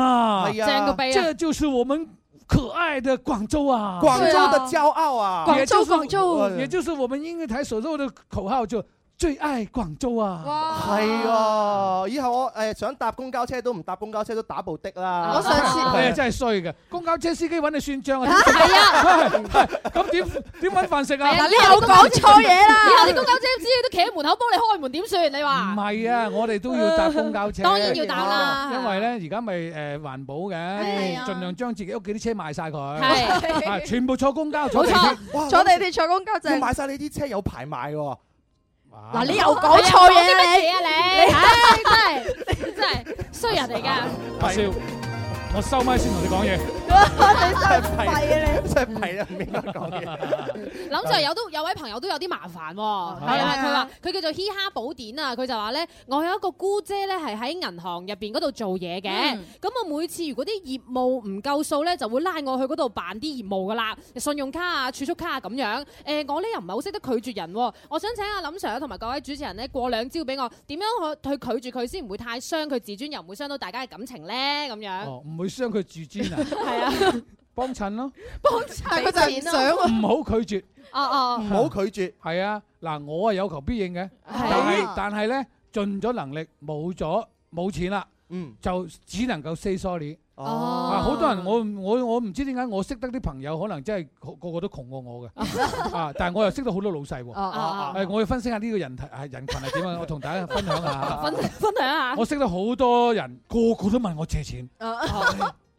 啊！係啊，正到痹啊！這就是我們可愛的廣州啊，廣州的驕傲啊，廣州廣州也就是我們音樂台所做嘅口號就。最愛廣州啊！係啊，以後我誒想搭公交車都唔搭公交車都打部的啦。我上次係真係衰嘅公交車司機揾你算賬啊！係啊，咁點點揾飯食啊？嗱，你又講錯嘢啦！以後啲公交車司機都企喺門口幫你開門點算？你話唔係啊？我哋都要搭公交車，當然要打啦。因為咧，而家咪誒環保嘅，盡量將自己屋企啲車賣晒佢，全部坐公交、坐地鐵。坐地鐵坐公交，就我賣晒你啲車有排賣喎。嗱，你又講錯嘢啲乜嘢啊？你，你，你真係真係衰人嚟噶！我收咪先同你講嘢、 啊，你真係你真係唔係啊，邊講嘢啊？諗就係有都有位朋友都有啲麻煩喎、啊，係咪、啊？佢話佢叫做嘻哈寶典啊，佢就話咧，我有一個姑姐咧係喺銀行入邊嗰度做嘢嘅，咁、嗯、我每次如果啲業務唔夠數咧，就會拉我去嗰度辦啲業務噶啦，信用卡啊、儲蓄卡啊咁樣。誒、呃，我呢又唔係好識得拒絕人、啊，我想請阿林 Sir 同埋各位主持人咧過兩招俾我，點樣去拒絕佢先唔會太傷佢自尊，又唔會傷到大家嘅感情咧？咁樣。哦。傷佢自尊啊！係啊、喔，幫襯咯，但係佢就唔想，唔好拒絕，哦哦，唔好拒絕，係 啊，嗱，我啊有求必應嘅、 啊就是，但係但係咧盡咗能力，冇咗冇錢啦，嗯，就只能夠 say sorry。哦，好多人，我我我唔知點解，我識得啲朋友可能真係個個都窮過我嘅，啊！但係我又識到好多老細喎，我要分析下呢個人係人羣係點樣！我同大家分享下，分分享下。我識到好多人，個個都問我借錢。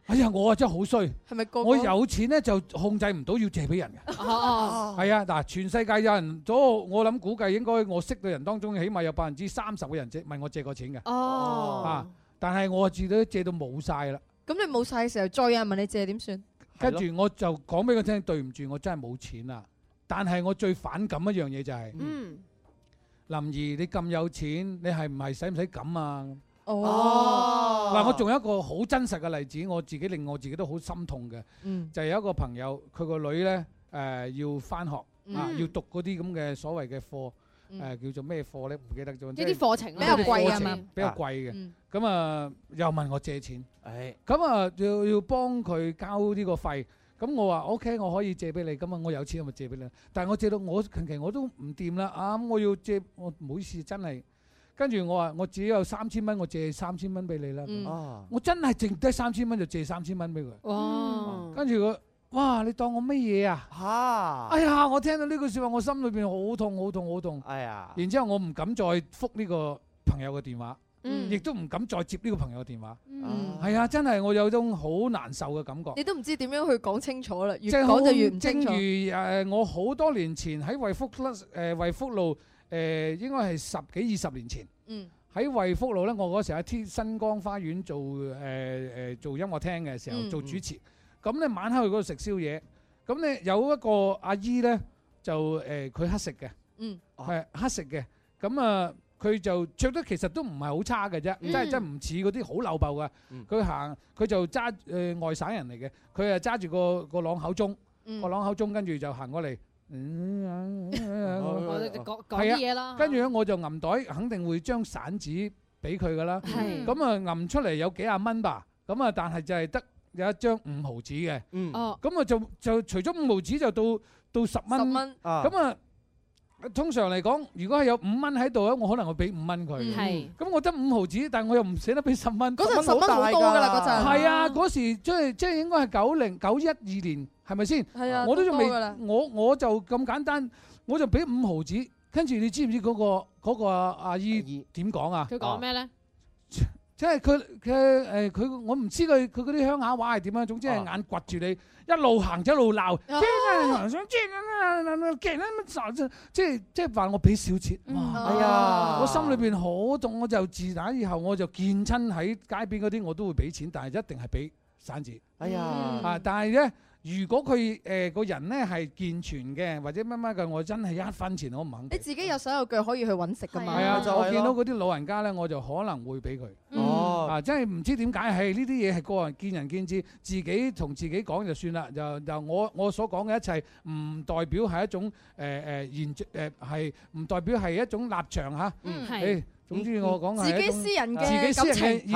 哎呀，我真係好衰，係咪我有錢咧就控制唔到要借俾人嘅。哦，係啊！嗱，全世界有人咗，我諗估計應該我識嘅人當中，起碼有百分之三十嘅人借問我借過錢嘅。哦，啊！但係我自己借到冇晒啦。咁你冇曬嘅時候，再有人問你借點算？跟住我就講俾佢聽，對唔住，我真係冇錢啦。但係我最反感一樣嘢就係，嗯，林怡，你咁有錢，你係唔係使唔使咁啊？哦，嗱，我仲有一個好真實嘅例子，我自己令我自己都好心痛嘅，就係有一個朋友，佢個女呢誒要翻學啊，要讀嗰啲咁嘅所謂嘅課。誒、啊、叫做咩、就是、課咧？唔記得咗。呢啲課程比較貴啊嘛，比較貴嘅。咁啊又問我借錢，誒咁啊要要幫佢交呢個費。咁、嗯、我話 O K，我可以借俾你。咁啊我有錢咪借俾你。但係我借到我近期我都唔掂啦啊！我要借我唔好意思，真係，跟住我話我只有三千蚊，我借三千蚊俾你啦。嗯、我真係剩低三千蚊就借三千蚊俾佢。哦哇、嗯嗯，跟住佢。嗯哇！你當我乜嘢啊？嚇哈！哎呀！我聽到呢句説話，我心裏邊好痛、好痛、好痛！哎呀！然之後我唔敢再覆呢個朋友嘅電話，嗯，亦都唔敢再接呢個朋友嘅電話。嗯，係啊、哎！真係我有種好難受嘅感覺。你都唔知點樣去講清楚啦，越講就越唔清楚。就好似正如誒、呃，我好多年前喺惠福甩惠、呃、福路誒、呃，應該係十幾二十年前。嗯，喺惠福路咧，我嗰時喺天新光花園做誒誒、呃、做音樂廳嘅時候做主持。嗯咁咧晚黑去嗰度食宵夜，咁咧有一個阿姨咧就誒佢乞食嘅，嗯，係乞食嘅。咁啊佢就著得其實都唔係好差嘅啫，真係真唔似嗰啲好漏摳嘅。佢行佢就揸誒外省人嚟嘅，佢啊揸住個個朗口鐘，個朗口鐘跟住就行過嚟。我我哋講講啲嘢啦。係啊，跟住咧我就揜袋，肯定會將散紙俾佢噶啦。係，咁啊揜出嚟有幾廿蚊吧。咁啊但係就係得。有一張五毫紙嘅，咁啊就就除咗五毫紙就到到十蚊，咁啊通常嚟講，如果係有五蚊喺度咧，我可能會俾五蚊佢，咁我得五毫紙，但我又唔捨得俾十蚊，嗰陣十蚊好大噶啦，嗰陣係啊，嗰時即係即係應該係九零九一二年，係咪先？我都仲未，我我就咁簡單，我就俾五毫紙，跟住你知唔知嗰個嗰個阿姨點講啊？佢講咩咧？即係佢佢誒佢我唔知佢佢嗰啲鄉下話係點樣，總之係眼掘住你，一路行一路鬧、啊，即係即係話我俾少錢，哇哎呀，我心裏邊好重，我就自打以後我就見親喺街邊嗰啲，我都會俾錢，但係一定係俾散紙，哎呀啊，嗯、但係咧。如果佢誒、呃、個人咧係健全嘅，或者乜乜嘅，我真係一分錢都唔肯俾。你自己有手有腳可以去揾食噶嘛？係啊，就我見到嗰啲老人家咧，我就可能會俾佢。哦，啊，真係唔知點解係呢啲嘢，係個人見仁見智，自己同自己講就算啦。就就我我所講嘅一切，唔代表係一種誒誒現誒係唔代表係一種立場嚇。嗯，總之，我講係一種自己私人嘅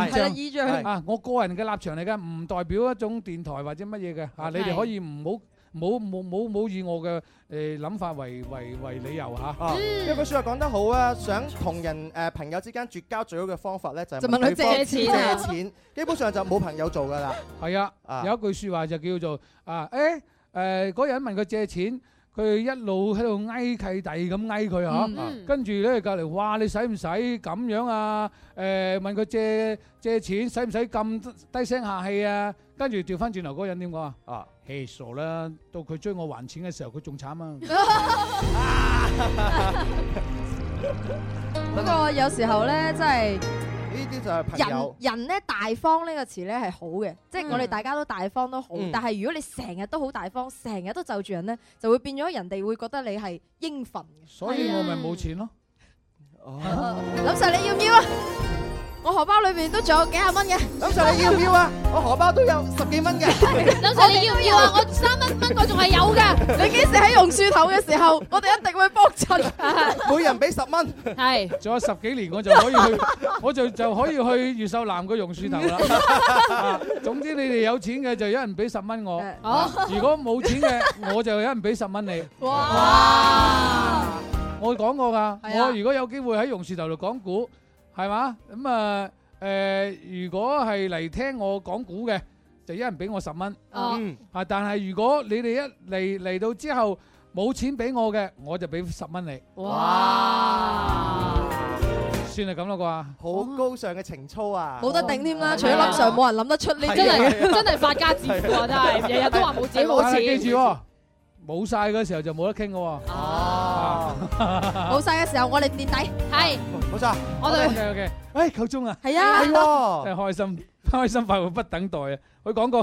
感情、意象啊！我個人嘅立場嚟嘅，唔代表一種電台或者乜嘢嘅啊！的你哋可以唔好、唔好、唔好、唔好、以我嘅誒諗法為為為理由嚇。因、啊嗯、句説話講得好啊，想同人誒、呃、朋友之間絕交最好嘅方法咧，就係問佢借錢、啊、借錢基本上就冇朋友做噶啦。係啊，有一句説話就叫做啊，誒誒嗰人問佢借錢。佢一路喺度挨契弟咁挨佢嗬，跟住咧隔籬話你使唔使咁樣啊？誒問佢借借錢使唔使咁低聲下氣啊？跟住調翻轉頭嗰個人點講啊？誒傻啦！到佢追我還錢嘅時候，佢仲慘啊！不過有時候咧，真係。人人呢啲就係朋友，人咧，大方呢個詞咧，係好嘅，嗯、即係我哋大家都大方都好，嗯、但係如果你成日都好大方，成日都就住人咧，就會變咗人哋會覺得你係應份，所以我咪冇錢咯。老實你要唔要啊？我荷包裏邊都仲有幾廿蚊嘅，老細你要唔要啊？我荷包都有十幾蚊嘅，老細你要唔要啊？我三蚊蚊個仲係有噶。你幾時喺榕樹頭嘅時候，我哋一定會幫襯，每人俾十蚊，係，仲有十幾年我就可以去，我就就可以去越秀南個榕樹頭啦。總之你哋有錢嘅就一人俾十蚊我，好，如果冇錢嘅我就一人俾十蚊你。哇，我講過噶，我如果有機會喺榕樹頭度講古。係嘛咁啊？誒，如果係嚟聽我講股嘅，就一人俾我十蚊。哦，嚇！但係如果你哋一嚟嚟到之後冇錢俾我嘅，我就俾十蚊你。哇！算係咁啦啩？好高尚嘅情操啊！冇得頂添啦，除咗林 s 冇人諗得出你真係真係發家致富啊！真係日日都話冇自己冇錢。記住冇曬嗰時候就冇得傾嘅喎，哦，冇曬嘅時候我哋墊底，係冇曬，我哋 O K O K，哎夠鐘啊，係啊，真係開心，開心快活不等待啊，去廣告。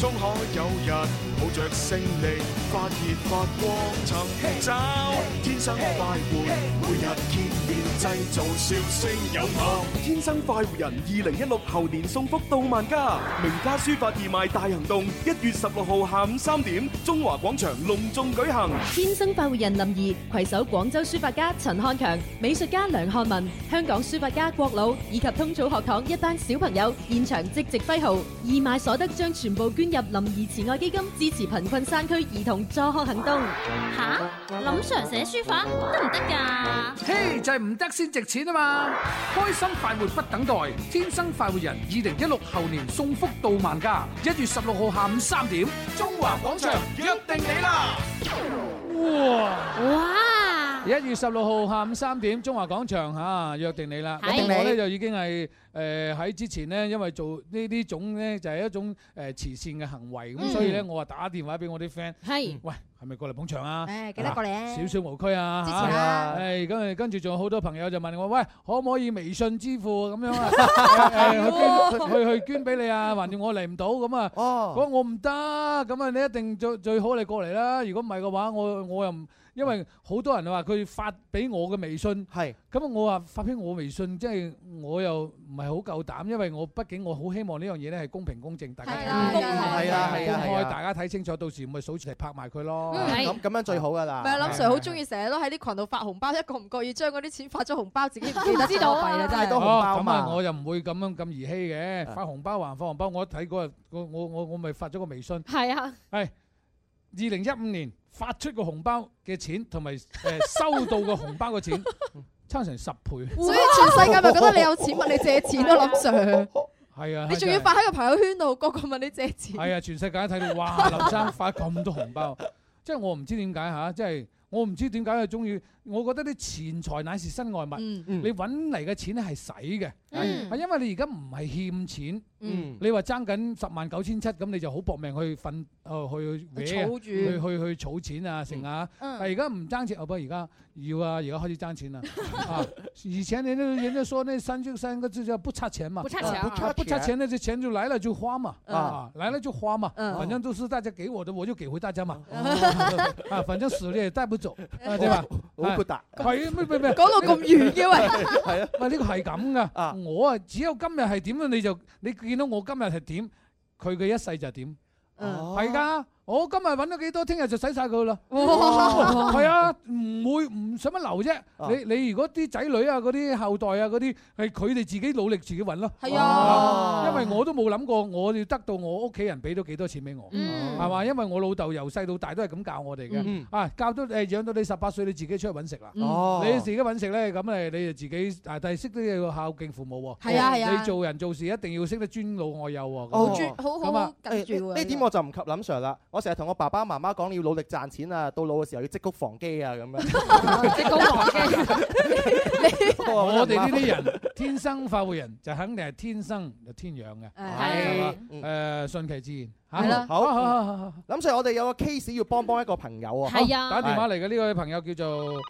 終可有日，抱着勝利發熱發光，尋找天生快活，每日見面製造笑聲，有夢。天生快活人，二零一六猴年送福到萬家，名家書法義賣大行動，一月十六號下午三點，中華廣場隆重舉行。天生快活人林怡攜手廣州書法家陳漢強、美術家梁漢文、香港書法家郭老以及通草學堂一班小朋友，現場積極揮毫，義賣所得將全部捐。進入林兒慈愛基金支持貧困山區兒童助學行，行動。吓、啊，林 sir 寫書法得唔得㗎？嘿，hey, 就係唔得先值錢啊嘛！開心快活不等待，天生快活人。二零一六猴年送福到萬家。一月十六號下午三點，中華廣場約定你啦！哇哇！一 月十六號下午三點，中華廣場嚇約定你啦。咁的我咧就已經係誒喺之前呢，因為做呢啲種咧就係、是、一種誒慈善嘅行為，咁、嗯、所以咧我話打電話俾我啲 friend。係的、嗯。喂，係咪過嚟捧場啊？誒，記得過嚟啊，少少無區啊。支持，咁誒跟住仲有好多朋友就問我，喂，可唔可以微信支付咁樣啊？去捐俾你啊，橫掂我嚟唔到咁啊？哦。我唔得，咁啊你一定最最好你過嚟啦。如果唔係嘅話，我我，我，我，我又唔。因為好多人話佢發俾我嘅微信，咁我話發俾我微信，即係我又唔係好夠膽，因為我畢竟我好希望呢樣嘢咧係公平公正，大家公開，大家睇清楚，到時咪數住嚟拍埋佢咯。咁咁樣最好噶啦。係啊，林 Sir 好中意成日都喺啲群度發紅包，一個唔覺意將嗰啲錢發咗紅包，自己唔知道啊！真係多紅包，咁啊，我又唔會咁樣咁兒戲嘅，發紅包還發紅包，我睇嗰日我我我咪發咗個微信。係啊。係。二零一五年發出個紅包嘅錢同埋誒收到個紅包嘅錢 差成十倍，所以全世界咪覺得你有錢問你借錢咯，林 Sir。係啊，你仲要發喺個朋友圈度，個個問你借錢。係啊，全世界睇到哇，林生發咁多紅包， 即係我唔知點解嚇，即係。我唔知點解佢中意，我覺得啲錢財乃是身外物，你揾嚟嘅錢咧係使嘅，係因為你而家唔係欠錢，你話爭緊十萬九千七，咁你就好搏命去瞓哦去去去去儲錢啊成啊，但而家唔爭錢啊不而家，要啊而家開始爭錢啦，啊以前人家人家說那三句三個字叫不差錢嘛，不差錢啊，不差錢，那些錢就來了就花嘛，啊來了就花嘛，反正都是大家給我的我就給回大家嘛，啊反正死了也帶不族啊！即係話好豁達，係啊！咩咩咩，講到咁遠嘅喂，係啊！唔呢個係咁噶，我啊只有今日係點樣，你就你見到我今日係點，佢嘅一世就點，係噶。我今日揾咗幾多，聽日就使晒佢咯。係啊，唔會唔使乜留啫。你你如果啲仔女啊、嗰啲後代啊、嗰啲係佢哋自己努力自己揾咯。係啊，因為我都冇諗過我哋得到我屋企人俾咗幾多錢俾我，係嘛？因為我老豆由細到大都係咁教我哋嘅。啊，教到誒養到你十八歲，你自己出去揾食啦。你自己揾食咧，咁誒你就自己但係識得要孝敬父母。係啊係啊，你做人做事一定要識得尊老愛幼喎。好好好好，呢點我就唔及林 Sir 啦。我成日同我爸爸媽媽講，你要努力賺錢啊，到老嘅時候要積穀防飢啊，咁樣。積穀防飢。我哋呢啲人天生快活人，就肯定係天生就天養嘅，係誒順其自然吓。好，啊，好，咁所以我哋有個 case 要幫幫一個朋友啊。係啊。打電話嚟嘅呢位朋友叫做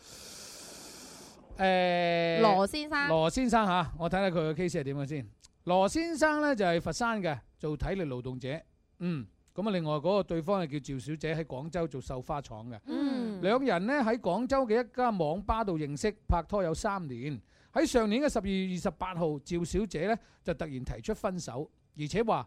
誒羅先生。羅先生吓，我睇下佢嘅 case 係點樣先。羅先生咧就係佛山嘅，做體力勞動者，嗯。咁啊！另外嗰個對方係叫趙小姐喺廣州做繡花廠嘅，嗯、兩人咧喺廣州嘅一家網吧度認識，拍拖有三年。喺上年嘅十二月二十八號，趙小姐呢就突然提出分手，而且話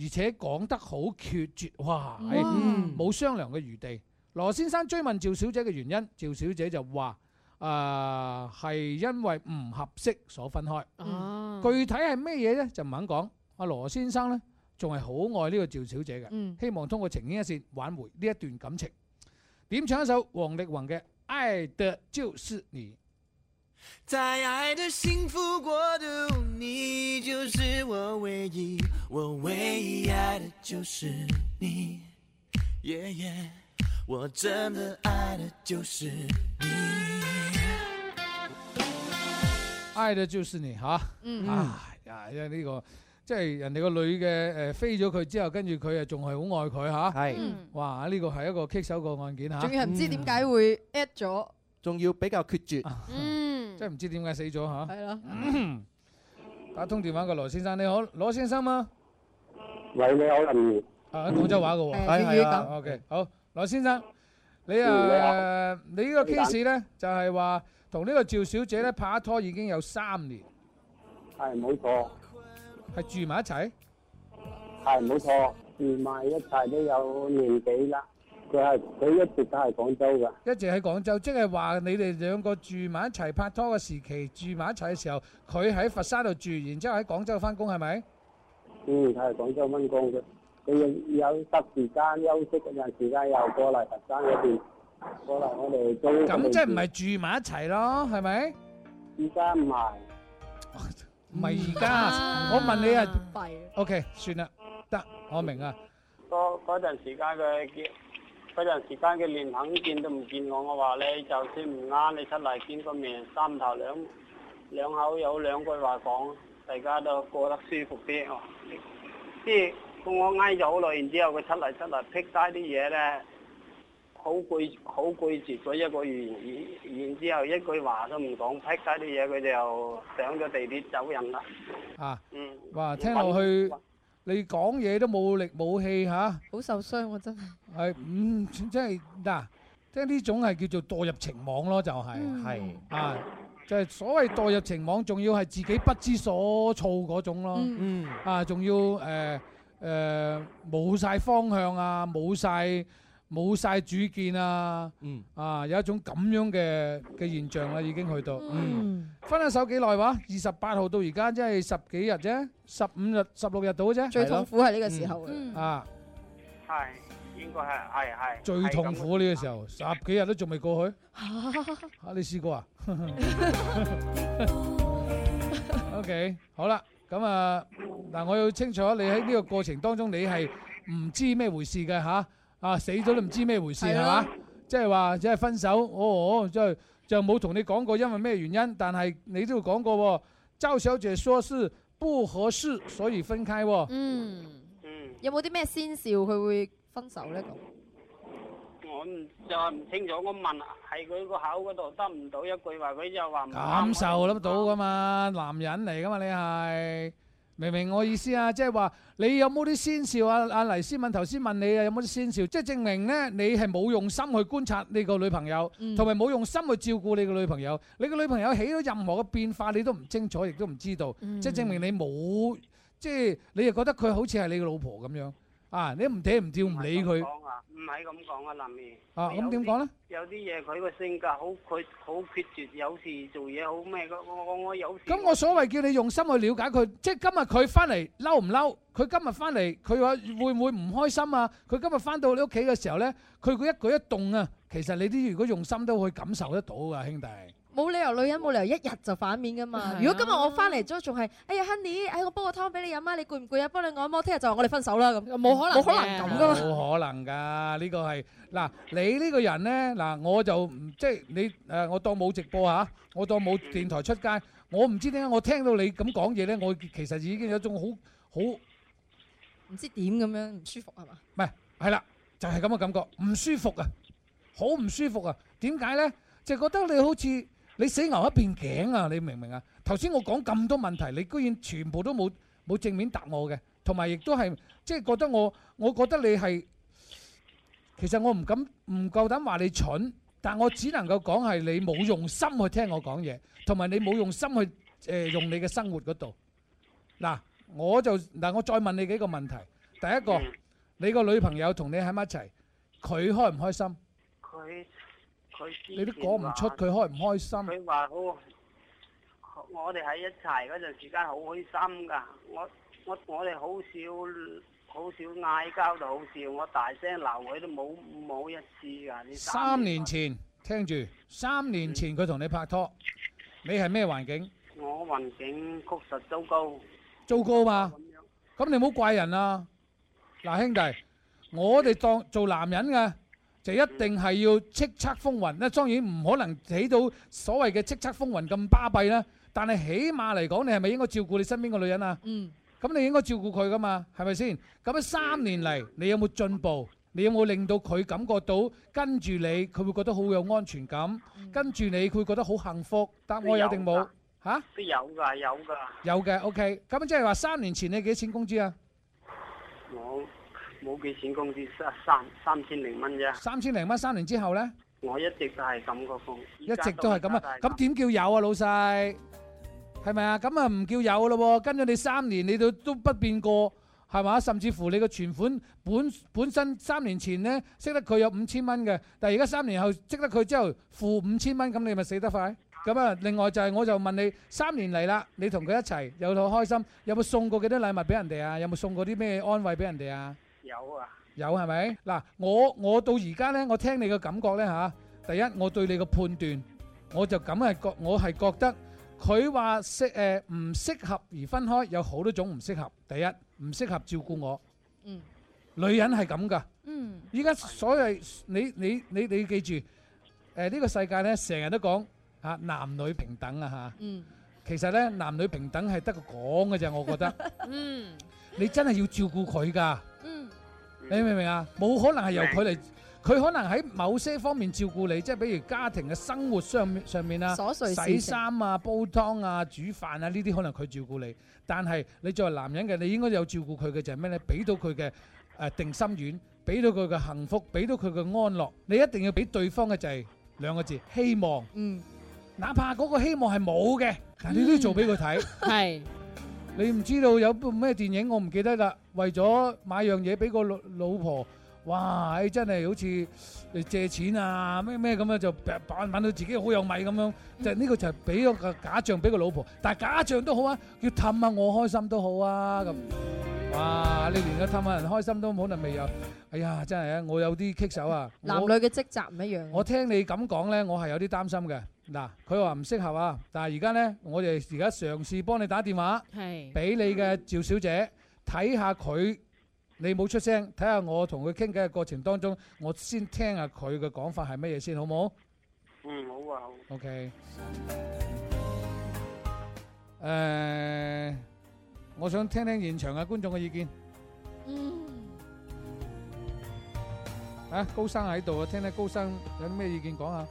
而且講得好決絕，哇，冇哇商量嘅餘地。羅先生追問趙小姐嘅原因，趙小姐就話：誒、呃、係因為唔合適所分開。啊、具體係咩嘢呢？就唔肯講。阿羅先生呢，仲係好愛呢個趙小姐嘅，嗯、希望通過情牽一線挽回呢一段感情。點唱一首王力宏嘅《愛的就是你》。在愛的幸福國度，你就是我唯一，我唯一愛的就是你，yeah, yeah, 我真的愛的就是你。愛的就是你，哈，嗯嗯啊呀，呢、這個。即係人哋個女嘅，誒飛咗佢之後，跟住佢啊仲係好愛佢吓，哇呢個係一個棘手個案件吓，仲要唔知點解會 at 咗，仲要比較決絕，即係唔知點解死咗吓。係咯，打通電話個羅先生你好，羅先生啊，係咪有人？啊，廣州話噶喎，係啊，OK，好，羅先生，你啊，你呢個 case 咧就係話同呢個趙小姐咧拍拖已經有三年，係冇錯。係住埋一齊？係，冇錯，住埋一齊都有年幾啦。佢係佢一直都係廣州噶，一直喺廣州，即係話你哋兩個住埋一齊拍拖嘅時期，住埋一齊嘅時候，佢喺佛山度住，然之後喺廣州翻工，係咪？嗯，係廣州翻工嘅。佢有得時間休息嘅陣，時間又過嚟佛山嗰邊，過嚟我哋中。咁即係唔係住埋一齊咯？係咪？而家唔係。唔係而家， 我問你啊，O K，算啦，得，我明啊。嗰嗰陣時間佢，嗰陣時間佢連肯見都唔見我，我話咧，就算唔啱你，你出嚟見個面，三頭兩兩口有兩句話講，大家都過得舒服啲哦。即係我挨咗好耐，然之後佢出嚟出嚟劈晒啲嘢咧。好攰好攰住咗一個月，然然之後一句話都唔講，劈曬啲嘢，佢哋又上咗地鐵走人啦。啊！嗯，哇！聽落去你講嘢都冇力冇氣嚇。好受傷啊！真係。係嗯，即係嗱，即係呢種係叫做墮入情網咯，就係係啊，就係所謂墮入情網，仲要係自己不知所措嗰種咯。嗯啊，仲要誒誒冇曬方向啊，冇曬。冇曬主見啊！嗯，啊，有一種咁樣嘅嘅現象啦，已經去到。嗯，分咗手幾耐話？二十八號到而家，即係十幾日啫，十五日、十六日到嘅啫。最痛苦係呢個時候。啊，係應該係係係。最痛苦呢個時候，十幾日都仲未過去。嚇嚇嚇嚇！嚇，你試過啊？OK，好啦，咁啊嗱，我要清楚你喺呢個過程當中，你係唔知咩回事嘅嚇。啊死咗都唔知咩回事係嘛？即係話即係分手，哦即係、哦、就冇同你講過因為咩原因，但係你都講過周、哦、小姐說是不合適，所以分開喎、哦。嗯嗯，有冇啲咩先兆佢會分手咧？咁、嗯、我唔就係唔清楚，我問喺佢個口嗰度得唔到一句話，佢就話感受得到㗎嘛，啊、男人嚟㗎嘛，你係。明唔明我意思啊？即係話，你有冇啲先兆啊？阿黎思敏頭先問你啊，有冇啲先兆？即、啊、係、就是、證明咧，你係冇用心去觀察你個女朋友，同埋冇用心去照顧你個女朋友。你個女朋友起咗任何嘅變化，你都唔清楚，亦都唔知道。即係、嗯、證明你冇，即、就、係、是、你又覺得佢好似係你嘅老婆咁樣。啊！你唔嗲唔跳唔理佢。唔係咁講啊，唔係咁講啊，林怡。哦，咁點講咧？有啲嘢佢個性格好決，好決絕，有時做嘢好咩？我我我有時。咁我所謂叫你用心去了解佢，即係今日佢翻嚟嬲唔嬲？佢今日翻嚟，佢話會唔會唔開心啊？佢今日翻到你屋企嘅時候咧，佢佢一舉一動啊，其實你啲如果用心都可以感受得到噶，兄弟。冇理由女人冇理由一日就反面噶嘛？如果今日我翻嚟咗，仲係哎呀，Honey，哎，我煲個湯俾你飲啊，你攰唔攰啊？幫你按摩，聽日就話我哋分手啦咁，冇可能，冇可能咁噶。冇可能噶，呢個係嗱你呢個人咧嗱，我就唔即係你誒，我當冇直播啊，我當冇電台出街，我唔知點解我聽到你咁講嘢咧，我其實已經有一種好好唔知點咁樣唔舒服係嘛？唔係，係啦，就係咁嘅感覺，唔舒服啊，好唔舒服啊？點解咧？就覺得你好似。你死牛一片頸啊！你明唔明啊？頭先我講咁多問題，你居然全部都冇冇正面答我嘅，同埋亦都係即係覺得我，我覺得你係其實我唔敢唔夠膽話你蠢，但我只能夠講係你冇用心去聽我講嘢，同埋你冇用心去誒用你嘅生活嗰度。嗱，我就，嗱，我再問你幾個問題。第一個，你個女朋友同你喺埋一齊，佢開唔開心？佢。你都講唔出佢開唔開心？佢話好，我哋喺一齊嗰陣時間好開心噶。我我我哋好少好少嗌交，就好少，我大聲鬧佢都冇冇一次噶。你三年前，聽住三年前佢同你拍拖，你係咩環境？我環境確實糟糕，糟糕嘛？咁你唔好怪人啦。嗱，兄弟，我哋當做男人嘅，就一定係要叱咤風雲咧，當然唔可能起到所謂嘅叱咤風雲咁巴閉啦。但係起碼嚟講，你係咪應該照顧你身邊嘅女人啊？嗯，咁你應該照顧佢㗎嘛，係咪先？咁三年嚟，你有冇進步？你有冇令到佢感覺到跟住你，佢會覺得好有安全感？跟住你，佢會覺得好幸福？答案有定冇嚇？都有㗎，有㗎。有嘅，OK。咁即係話三年前你幾錢工資啊？冇。冇幾錢工資，三三三千零蚊啫。三千零蚊，三年之後咧？我一直都係咁個工，一直都係咁啊！咁點叫有啊，老細？係咪啊？咁啊唔叫有咯喎。跟咗你三年，你都都不變過係嘛？甚至乎你個存款本本身三年前咧，識得佢有五千蚊嘅，但係而家三年後識得佢之後負五千蚊，咁你咪死得快？咁啊，另外就係我就問你三年嚟啦，你同佢一齊有同開心，有冇送過幾多禮物俾人哋啊？有冇送過啲咩安慰俾人哋啊？有啊，有係咪？嗱，我我到而家咧，我聽你嘅感覺咧吓，第一我對你嘅判斷，我就咁係覺，我係覺得佢話適誒唔適合而分開，有好多種唔適合。第一唔適合照顧我，嗯，女人係咁噶，嗯，依家所謂你你你你記住，誒呢個世界咧成日都講吓男女平等啊吓，嗯，其實咧男女平等係得個講嘅咋，我覺得，嗯，你真係要照顧佢噶。你明唔明啊？冇可能係由佢嚟，佢可能喺某些方面照顧你，即係比如家庭嘅生活上上面啊，洗衫啊、煲湯啊、煮飯啊呢啲可能佢照顧你。但係你作為男人嘅，你應該有照顧佢嘅就係咩咧？俾到佢嘅誒定心丸，俾到佢嘅幸福，俾到佢嘅安樂。你一定要俾對方嘅就係兩個字希望。嗯，哪怕嗰個希望係冇嘅，但你都要做俾佢睇。係、嗯。 你唔知道有部咩電影，我唔記得啦。為咗買樣嘢俾個老老婆，哇！唉、欸，真係好似嚟借錢啊，咩咩咁樣，就扮到自己好有米咁樣。就呢、這個就係俾個假象俾個老婆，但係假象都好啊，要氹下我開心都好啊咁。哇！你連個氹下人開心都可能未有。哎呀，真係啊，我有啲棘手啊。男女嘅職責唔一樣我。我聽你咁講咧，我係有啲擔心嘅。嗱，佢話唔適合啊，但係而家呢，我哋而家嘗試幫你打電話是，係俾你嘅趙小姐睇下佢，你冇出聲，睇下我同佢傾偈嘅過程當中，我先聽下佢嘅講法係乜嘢先，好唔好？嗯，好啊，好。O K，誒，okay. uh, 我想聽聽現場嘅觀眾嘅意見。嗯，啊，高生喺度啊，聽聽高生有咩意見講下。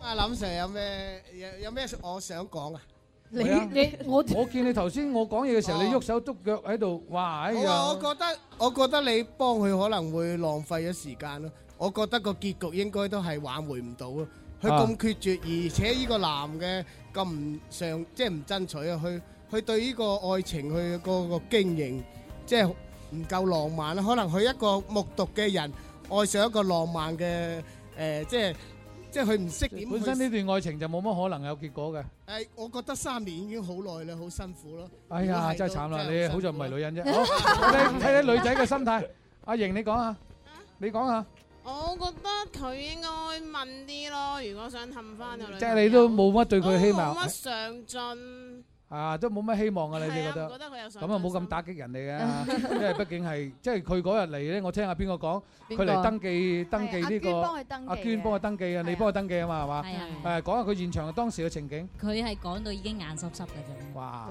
阿林 Sir 有咩有有咩我想講啊？你你我我見你頭先我講嘢嘅時候，你喐手喐腳喺度，哇！哎呀，我我覺得我覺得你幫佢可能會浪費咗時間咯。我覺得個結局應該都係挽回唔到咯。佢咁決絕，而且呢個男嘅咁唔上，即係唔爭取啊。佢佢對呢個愛情佢嗰個經營，即係唔夠浪漫啦。可能佢一個木獨嘅人愛上一個浪漫嘅，誒，即係。即係佢唔識點。本身呢段愛情就冇乜可能有結果嘅。誒，我覺得三年已經好耐啦，好辛苦咯。哎呀，真係慘啦！你好在唔係女人啫。你睇睇女仔嘅心態。阿瑩，你講下。你講下。我覺得佢應該問啲咯，如果想氹翻個女。即係你都冇乜對佢希望。都冇乜上進。啊，都冇乜希望啊！你哋覺得我得有咁啊，冇咁打擊人哋嘅，因為畢竟係，即係佢嗰日嚟咧，我聽下邊個講，佢嚟登記登記呢個，阿娟幫佢登，阿娟幫佢登記啊，你幫佢登記啊嘛，係嘛？係啊，誒，講下佢現場當時嘅情景。佢係講到已經眼濕濕嘅啫。哇！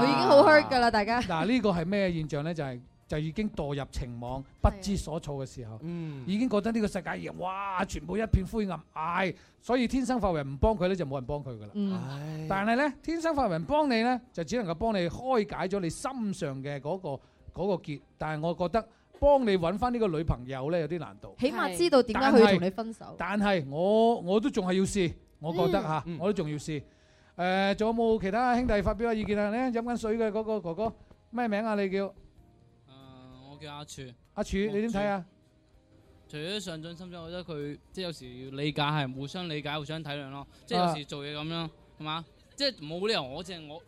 佢已經好 hurt 㗎啦，大家。嗱，呢個係咩現象咧？就係。就已經墮入情網，不知所措嘅時候，嗯、已經覺得呢個世界而哇，全部一片灰暗，唉、哎。所以天生快活人唔幫佢呢，就冇人幫佢㗎喇。嗯哎、但係呢，天生快活人幫你呢，就只能夠幫你開解咗你心上嘅嗰、那個嗰、那個、結。但係我覺得幫你揾翻呢個女朋友呢，有啲難度。起碼知道點解佢同你分手。但係我我都仲係要試，我覺得嚇，嗯、我都仲要試。誒、呃，仲有冇其他兄弟發表下意見啊？呢，飲緊水嘅嗰個哥哥，咩名啊？你叫？我叫阿柱，阿柱，柱你點睇啊？除咗上進心之外，我覺得佢即係有時要理解，係互相理解、互相體諒咯、啊。即係有時做嘢咁樣，係嘛？即係冇理由我淨係我，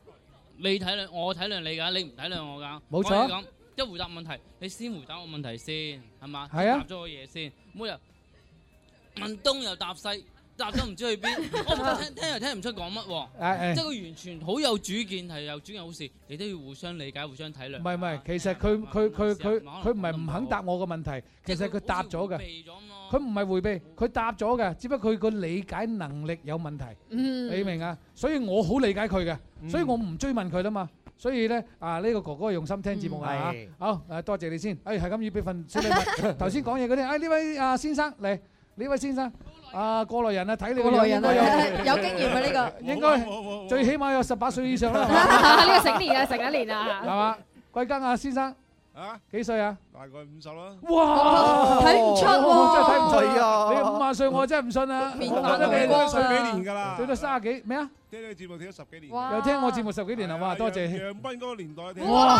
你體諒我體諒你噶，你唔體諒我噶。冇錯錯。咁一回答問題，你先回答我問題先，係嘛？係啊。答咗我嘢先，冇理由問東又答西。答都唔知去邊，我聽聽又聽唔出講乜喎。即係佢完全好有主見，係有主見好事，你都要互相理解、互相體諒。唔係唔係，其實佢佢佢佢佢唔係唔肯答我個問題，其實佢答咗嘅。佢唔係回避，佢答咗嘅，只不過佢個理解能力有問題。你明啊？所以我好理解佢嘅，所以我唔追問佢啦嘛。所以咧啊，呢個哥哥用心聽節目嘅嚇。好誒，多謝你先。誒係咁，要俾份小禮物。頭先講嘢嗰啲，誒呢位啊先生嚟，呢位先生。啊，過來人啊，睇你過來人啊，有有經驗㗎呢個，應該最起碼有十八歲以上啦。呢個成年啊，成一年啊。係嘛？貴庚啊，先生？啊，幾歲啊？大概五十啦。哇，睇唔出喎，真係睇唔出啊！你五十歲，我真係唔信啦。年都睇咗幾年㗎啦，睇咗三十幾咩啊？睇你節目睇咗十幾年，又聽我節目十幾年啦，哇！多謝。楊斌嗰個年代。哇！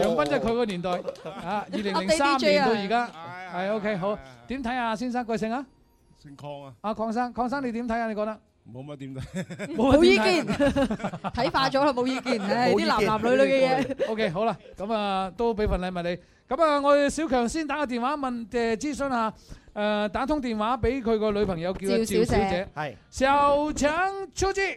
楊斌即係佢個年代啊，二零零三年到而家。係啊。係 OK，好，點睇啊，先生貴姓啊？姓鄺啊！阿鄺生，鄺生你點睇啊？你覺得冇乜點睇，冇意見，睇化咗啦，冇意見。唉，啲男男女女嘅嘢。OK，好啦，咁啊都俾份禮物你。咁啊，我哋小強先打個電話問，誒，諮詢下，誒，打通電話俾佢個女朋友叫阿趙小姐，係小強出資。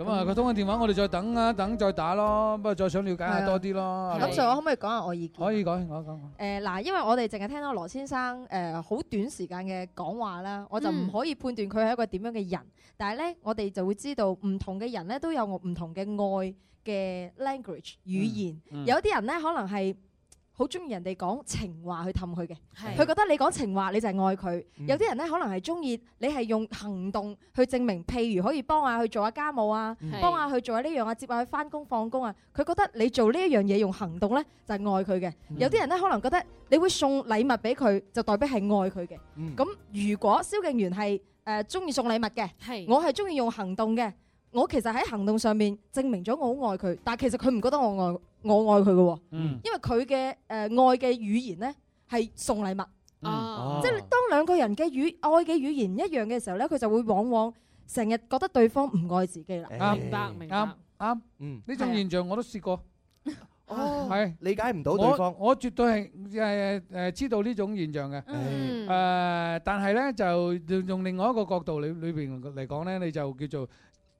咁啊，佢、嗯、通個電話，我哋再等啊，等再打咯，不過再想了解下多啲咯。咁、啊啊、所以我可唔可以講下我意見？可以講，我講。誒，嗱，因為我哋淨係聽到羅先生誒好、呃、短時間嘅講話啦，我就唔可以判斷佢係一個點樣嘅人。嗯、但係咧，我哋就會知道唔同嘅人咧都有唔同嘅愛嘅 language、嗯、語言。有啲人咧，可能係。好中意人哋講情話去氹佢嘅，佢是覺得你講情話，你就係愛佢。嗯、有啲人咧，可能係中意你係用行動去證明，譬如可以幫下、啊、去做下家務啊，幫下去做下呢樣啊，接下去返工放工啊。佢、啊、覺得你做呢一樣嘢用行動咧就係、是、愛佢嘅。嗯、有啲人咧，可能覺得你會送禮物俾佢就代表係愛佢嘅。咁、嗯、如果蕭敬元係誒中意送禮物嘅，是我係中意用行動嘅。我其實喺行動上面證明咗我好愛佢，但其實佢唔覺得我愛。我愛佢嘅，因為佢嘅誒愛嘅語言咧係送禮物，即係當兩個人嘅語愛嘅語言一樣嘅時候咧，佢就會往往成日覺得對方唔愛自己啦。明白，明白，嗯，呢種現象我都試過，係理解唔到對方。我絕對係誒誒知道呢種現象嘅，誒，但係咧就用用另外一個角度裏裏邊嚟講咧，你就叫做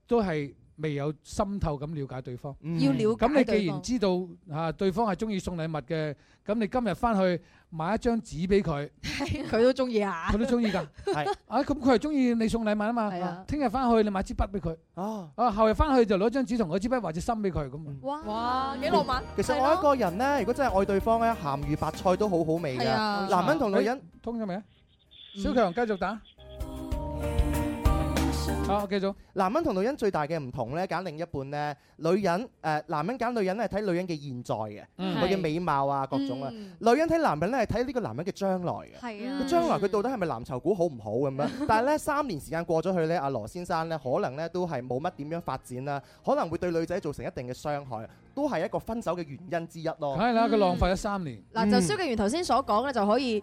都係。未有深透咁了解對方，要了解，咁你既然知道嚇對方係中意送禮物嘅，咁你今日翻去買一張紙俾佢，佢都中意呀。佢都中意㗎，係啊，咁佢係中意你送禮物啊嘛。聽日翻去你買支筆俾佢，哦，後日翻去就攞張紙同嗰支筆或者心俾佢咁。哇哇，幾浪漫！其實愛一個人咧，如果真係愛對方咧，鹹魚白菜都好好味㗎。男人同女人通咗未啊？小強繼續打。哦，繼續。男人同女人最大嘅唔同咧，揀另一半咧，女人誒、呃，男人揀女人咧係睇女人嘅現在嘅，佢嘅、嗯、美貌啊、嗯、各種啊。女人睇男人咧係睇呢個男人嘅將來嘅，佢、嗯、將來佢到底係咪藍籌股好唔好咁樣？嗯、但係咧三年時間過咗去咧，阿羅先生咧可能咧都係冇乜點樣發展啦，可能會對女仔造成一定嘅傷害，都係一個分手嘅原因之一咯。係啦、嗯，佢、嗯、浪費咗三年。嗱、嗯，嗯、就蕭敬源頭先所講咧，就可以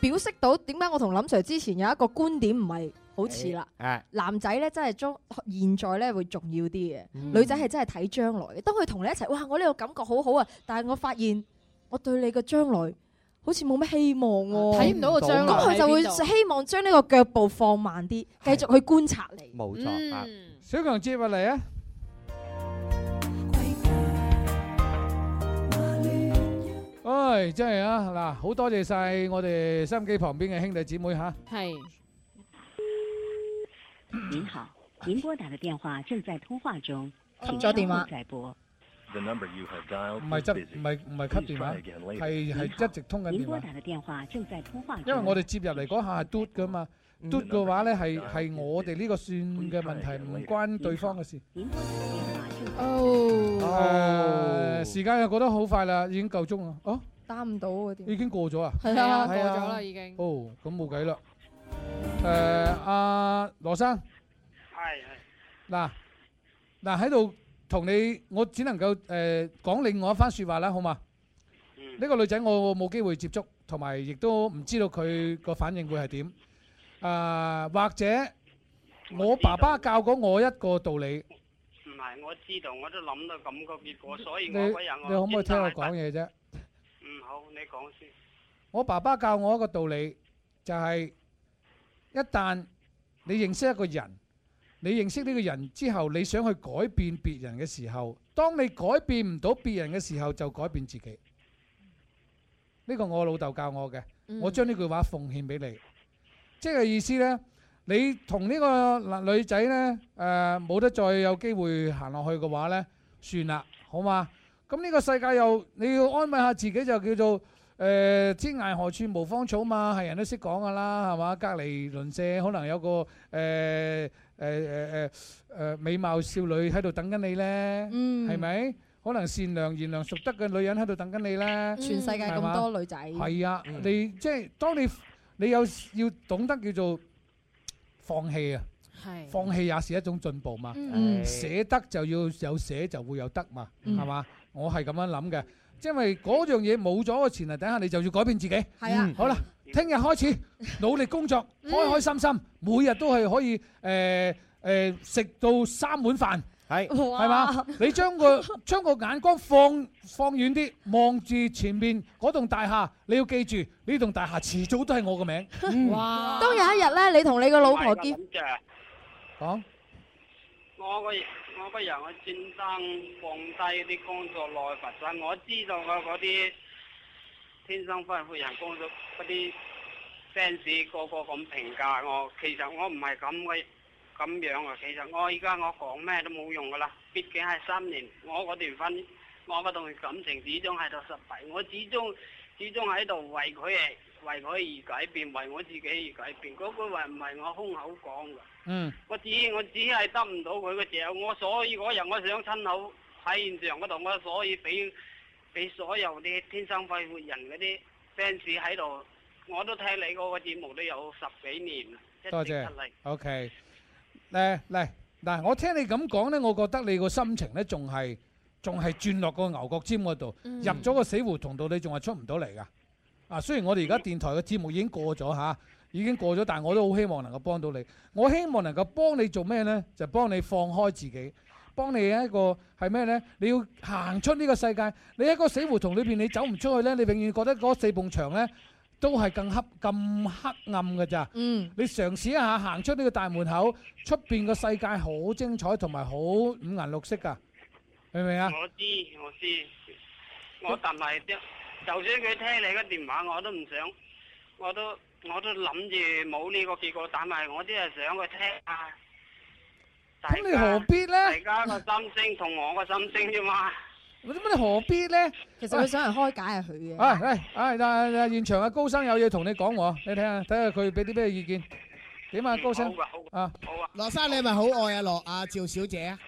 表示到點解我同林 Sir 之前有一個觀點唔係。好似啦，hey, uh, 男仔咧真係將，現在咧會重要啲嘅。嗯、女仔係真係睇將來嘅。當佢同你一齊，哇，我呢個感覺好好啊！但係我發現，我對你嘅將來好似冇咩希望喎、啊，睇唔到個將來。咁佢、嗯、就會希望將呢個腳步放慢啲，繼是續去觀察你。冇錯，小強接落嚟啊。 哎，真係啊，嗱，好多謝晒我哋收音機旁邊嘅兄弟姊妹吓。係。您好，您撥打嘅電話正在通話中，請稍後再撥。唔係執唔係唔係 cut 電話，係係一直通緊。因為我哋接入嚟嗰下係嘟噶嘛，嘟嘅話咧係係我哋呢個算嘅問題，唔關對方嘅事。哦，誒，時間又過得好快啦，已經夠鐘啦，哦。打唔到啊？點？已經過咗啊？係啊，過咗啦，已經。哦，咁冇計啦。誒，阿羅生，係係，嗱嗱喺度同你，我只能夠誒講另外一番說話啦，好嘛？嗯，呢個女仔我冇機會接觸，同埋亦都唔知道佢個反應會係點。啊，或者我爸爸教過我一個道理。唔係，我知道，我都諗到咁個結果，所以我嗰日我你你可唔可以聽我講嘢啫？嗯，好，你講先。我爸爸教我一個道理，就係。一旦你認識一個人，你認識呢個人之後，你想去改變別人嘅時候，當你改變唔到別人嘅時候，就改變自己。呢個我老豆教我嘅，嗯、我將呢句話奉獻俾你。即係意思呢，你同呢個嗱女仔呢，誒、呃、冇得再有機會行落去嘅話呢，算啦，好嘛？咁、嗯、呢、個世界又你要安慰下自己，就叫做。誒天涯何處無芳草嘛，係人都識講㗎啦，係嘛？隔離鄰舍可能有個誒誒誒誒誒美貌少女喺度等緊你咧，係咪？可能善良賢良淑德嘅女人喺度等緊你咧，全世界咁多女仔，係啊！你即係當你你有要懂得叫做放棄啊，放棄也是一種進步嘛，捨得就要有捨就會有得嘛，係嘛？我係咁樣諗嘅。因為嗰樣嘢冇咗個前提，等下你就要改變自己。係啊，好啦，聽日開始努力工作，開開心心，每日都係可以誒誒食到三碗飯。係，係嘛？你將個將個眼光放放遠啲，望住前面嗰棟大廈。你要記住，呢棟大廈遲早都係我嘅名。哇！當有一日咧，你同你個老婆見，講我嘅。我不如我專登放低啲工作來佛山，我知道我嗰啲天生快活人工作嗰啲 fans 個個咁評價我，其實我唔係咁嘅咁樣啊，其實我而家我講咩都冇用噶啦，畢竟係三年，我嗰段婚，我個段感情始終喺度失敗，我始終始終喺度為佢哋。為我而改變，為我自己而改變。嗰句話唔係我空口講噶。嗯。我只我只係得唔到佢嘅時候，我所以嗰日我想親口喺現場嗰度，我所以俾俾所有啲天生快活人嗰啲 fans 喺度，我都聽你個節目都有十幾年。多謝。OK，嚟嚟嗱，我聽你咁講咧，我覺得你個心情咧，仲係仲係轉落個牛角尖嗰度，入咗個死胡同度，你仲係出唔到嚟噶。啊，雖然我哋而家電台嘅節目已經過咗嚇、啊，已經過咗，但係我都好希望能夠幫到你。我希望能夠幫你做咩呢？就幫你放開自己，幫你一個係咩呢？你要行出呢個世界，你喺個死胡同裏邊，你走唔出去呢？你永遠覺得嗰四埲牆呢都係更黑、咁黑暗㗎咋？嗯，你嘗試一下行出呢個大門口，出邊個世界好精彩同埋好五顏六色噶，明唔明啊我？我知，我知，我就算佢聽你嘅電話，我都唔想，我都我都諗住冇呢個結果，但係我都係想佢聽啊。咁你何必咧？大家個心聲同我個心聲啫嘛。咁你何必咧？其實佢想係開解佢嘅。啊嚟啊，阿阿現場嘅高生有嘢同你講喎，你睇下，睇下佢俾啲咩意見。點啊，高生？好啊好啊。啊，羅生，你係咪好愛阿羅阿趙小姐啊？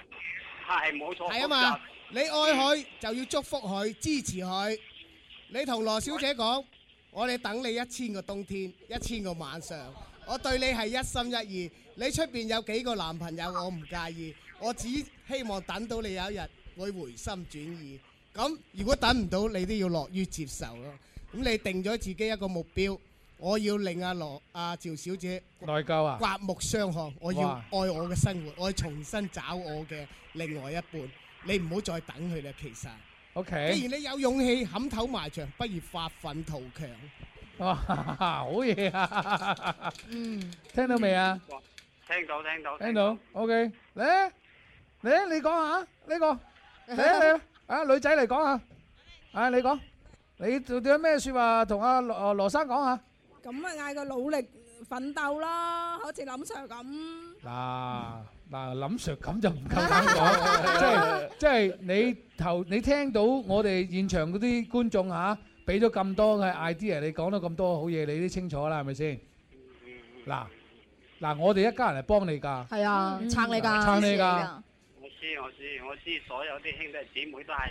係冇錯。係啊嘛，你愛佢就要祝福佢，支持佢。你同羅小姐講，我哋等你一千個冬天，一千個晚上，我對你係一心一意。你出邊有幾個男朋友，我唔介意，我只希望等到你有一日會回心轉意。咁如果等唔到，你都要樂於接受咯。咁你定咗自己一個目標，我要令阿羅阿趙小姐內疚啊，刮目相看。我要愛我嘅生活，哇我要重新找我嘅另外一半。你唔好再等佢啦，其實。既然你有勇氣冚頭埋牆，不如發奮圖強。哇，好嘢啊！嗯，聽到未啊？聽到聽到聽到。OK，嚟嚟你講下呢個，嚟啊，啊女仔嚟講下，啊你講，你做咗咩說話同阿羅羅生講下。咁啊，嗌佢努力奮鬥咯，好似諗上咁。啊。嗱，林 Sir 咁就唔夠膽講，即係即係你頭你聽到我哋現場嗰啲觀眾吓，俾咗咁多嘅 idea，你講咗咁多好嘢，你都清楚啦，係咪先？嗱，嗱，我哋一家人嚟幫你㗎，係啊，撐你㗎，撐你㗎。我知我知，我知所有啲兄弟姊妹都係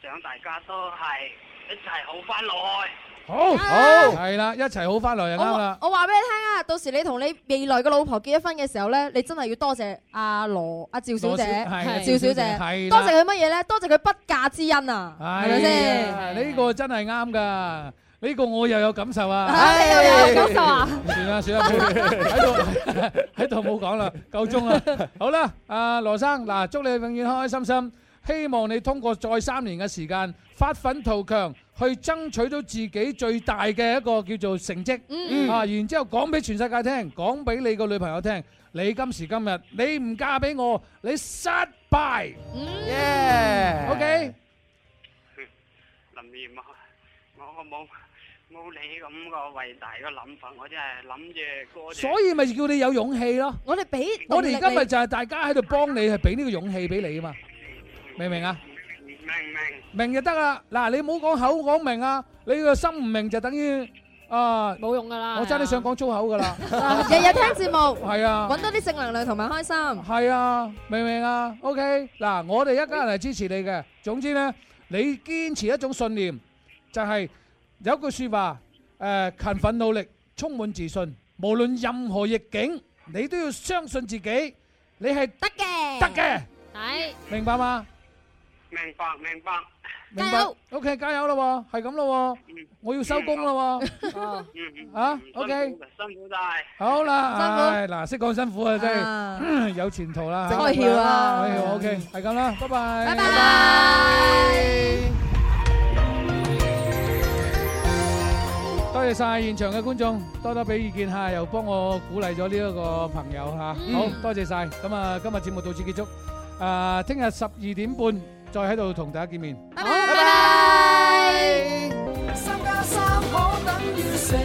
想大家都係一齊好翻落去。好好，係啦，一齊好翻來就啱啦！我話俾你聽啊，到時你同你未來嘅老婆結咗婚嘅時候咧，你真係要多謝阿羅阿趙小姐，趙小姐係多謝佢乜嘢咧？多謝佢不嫁之恩啊！係咪先？呢個真係啱噶，呢個我又有感受啊！係有感受啊！唔算啦，算啦，喺度喺度冇講啦，夠鐘啦！好啦，阿羅生嗱，祝你永遠開開心心，希望你通過再三年嘅時間發奮圖強。去爭取到自己最大嘅一個叫做成績啊！然之後講俾全世界聽，講俾你個女朋友聽，你今時今日你唔嫁俾我，你失敗。Yeah，OK。林面啊，我我冇冇你咁個偉大嘅諗法，我真係諗嘢過。所以咪叫你有勇氣咯。我哋俾我哋而家咪就係大家喺度幫你係俾呢個勇氣俾你啊嘛，明唔明啊？明唔明？明就得啦。嗱，你唔好講口講明啊，你個心唔明就等於啊，冇用噶啦。我真係想講粗口噶啦，日日聽節目係啊，搵多啲正能量同埋開心係啊，明唔明啊？OK，嗱，我哋一家人嚟支持你嘅。總之咧，你堅持一種信念，就係有句說話誒，勤奮努力，充滿自信，無論任何逆境，你都要相信自己，你係得嘅，得嘅，係明白嗎？明白明白明白，O K 加油啦喎，係咁啦喎，我要收工啦喎，嗯嗯，啊 O K，辛苦晒，好啦，辛苦，嗱識講辛苦呀真係有前途啦，開竅啦，開竅 O K，係咁啦，拜拜，拜拜，多謝晒現場嘅觀眾，多多俾意見吓，又幫我鼓勵咗呢一個朋友吓，好多謝晒，咁啊今日節目到此結束，誒聽日十二點半。再喺度同大家見面，拜拜。三加三可等於四。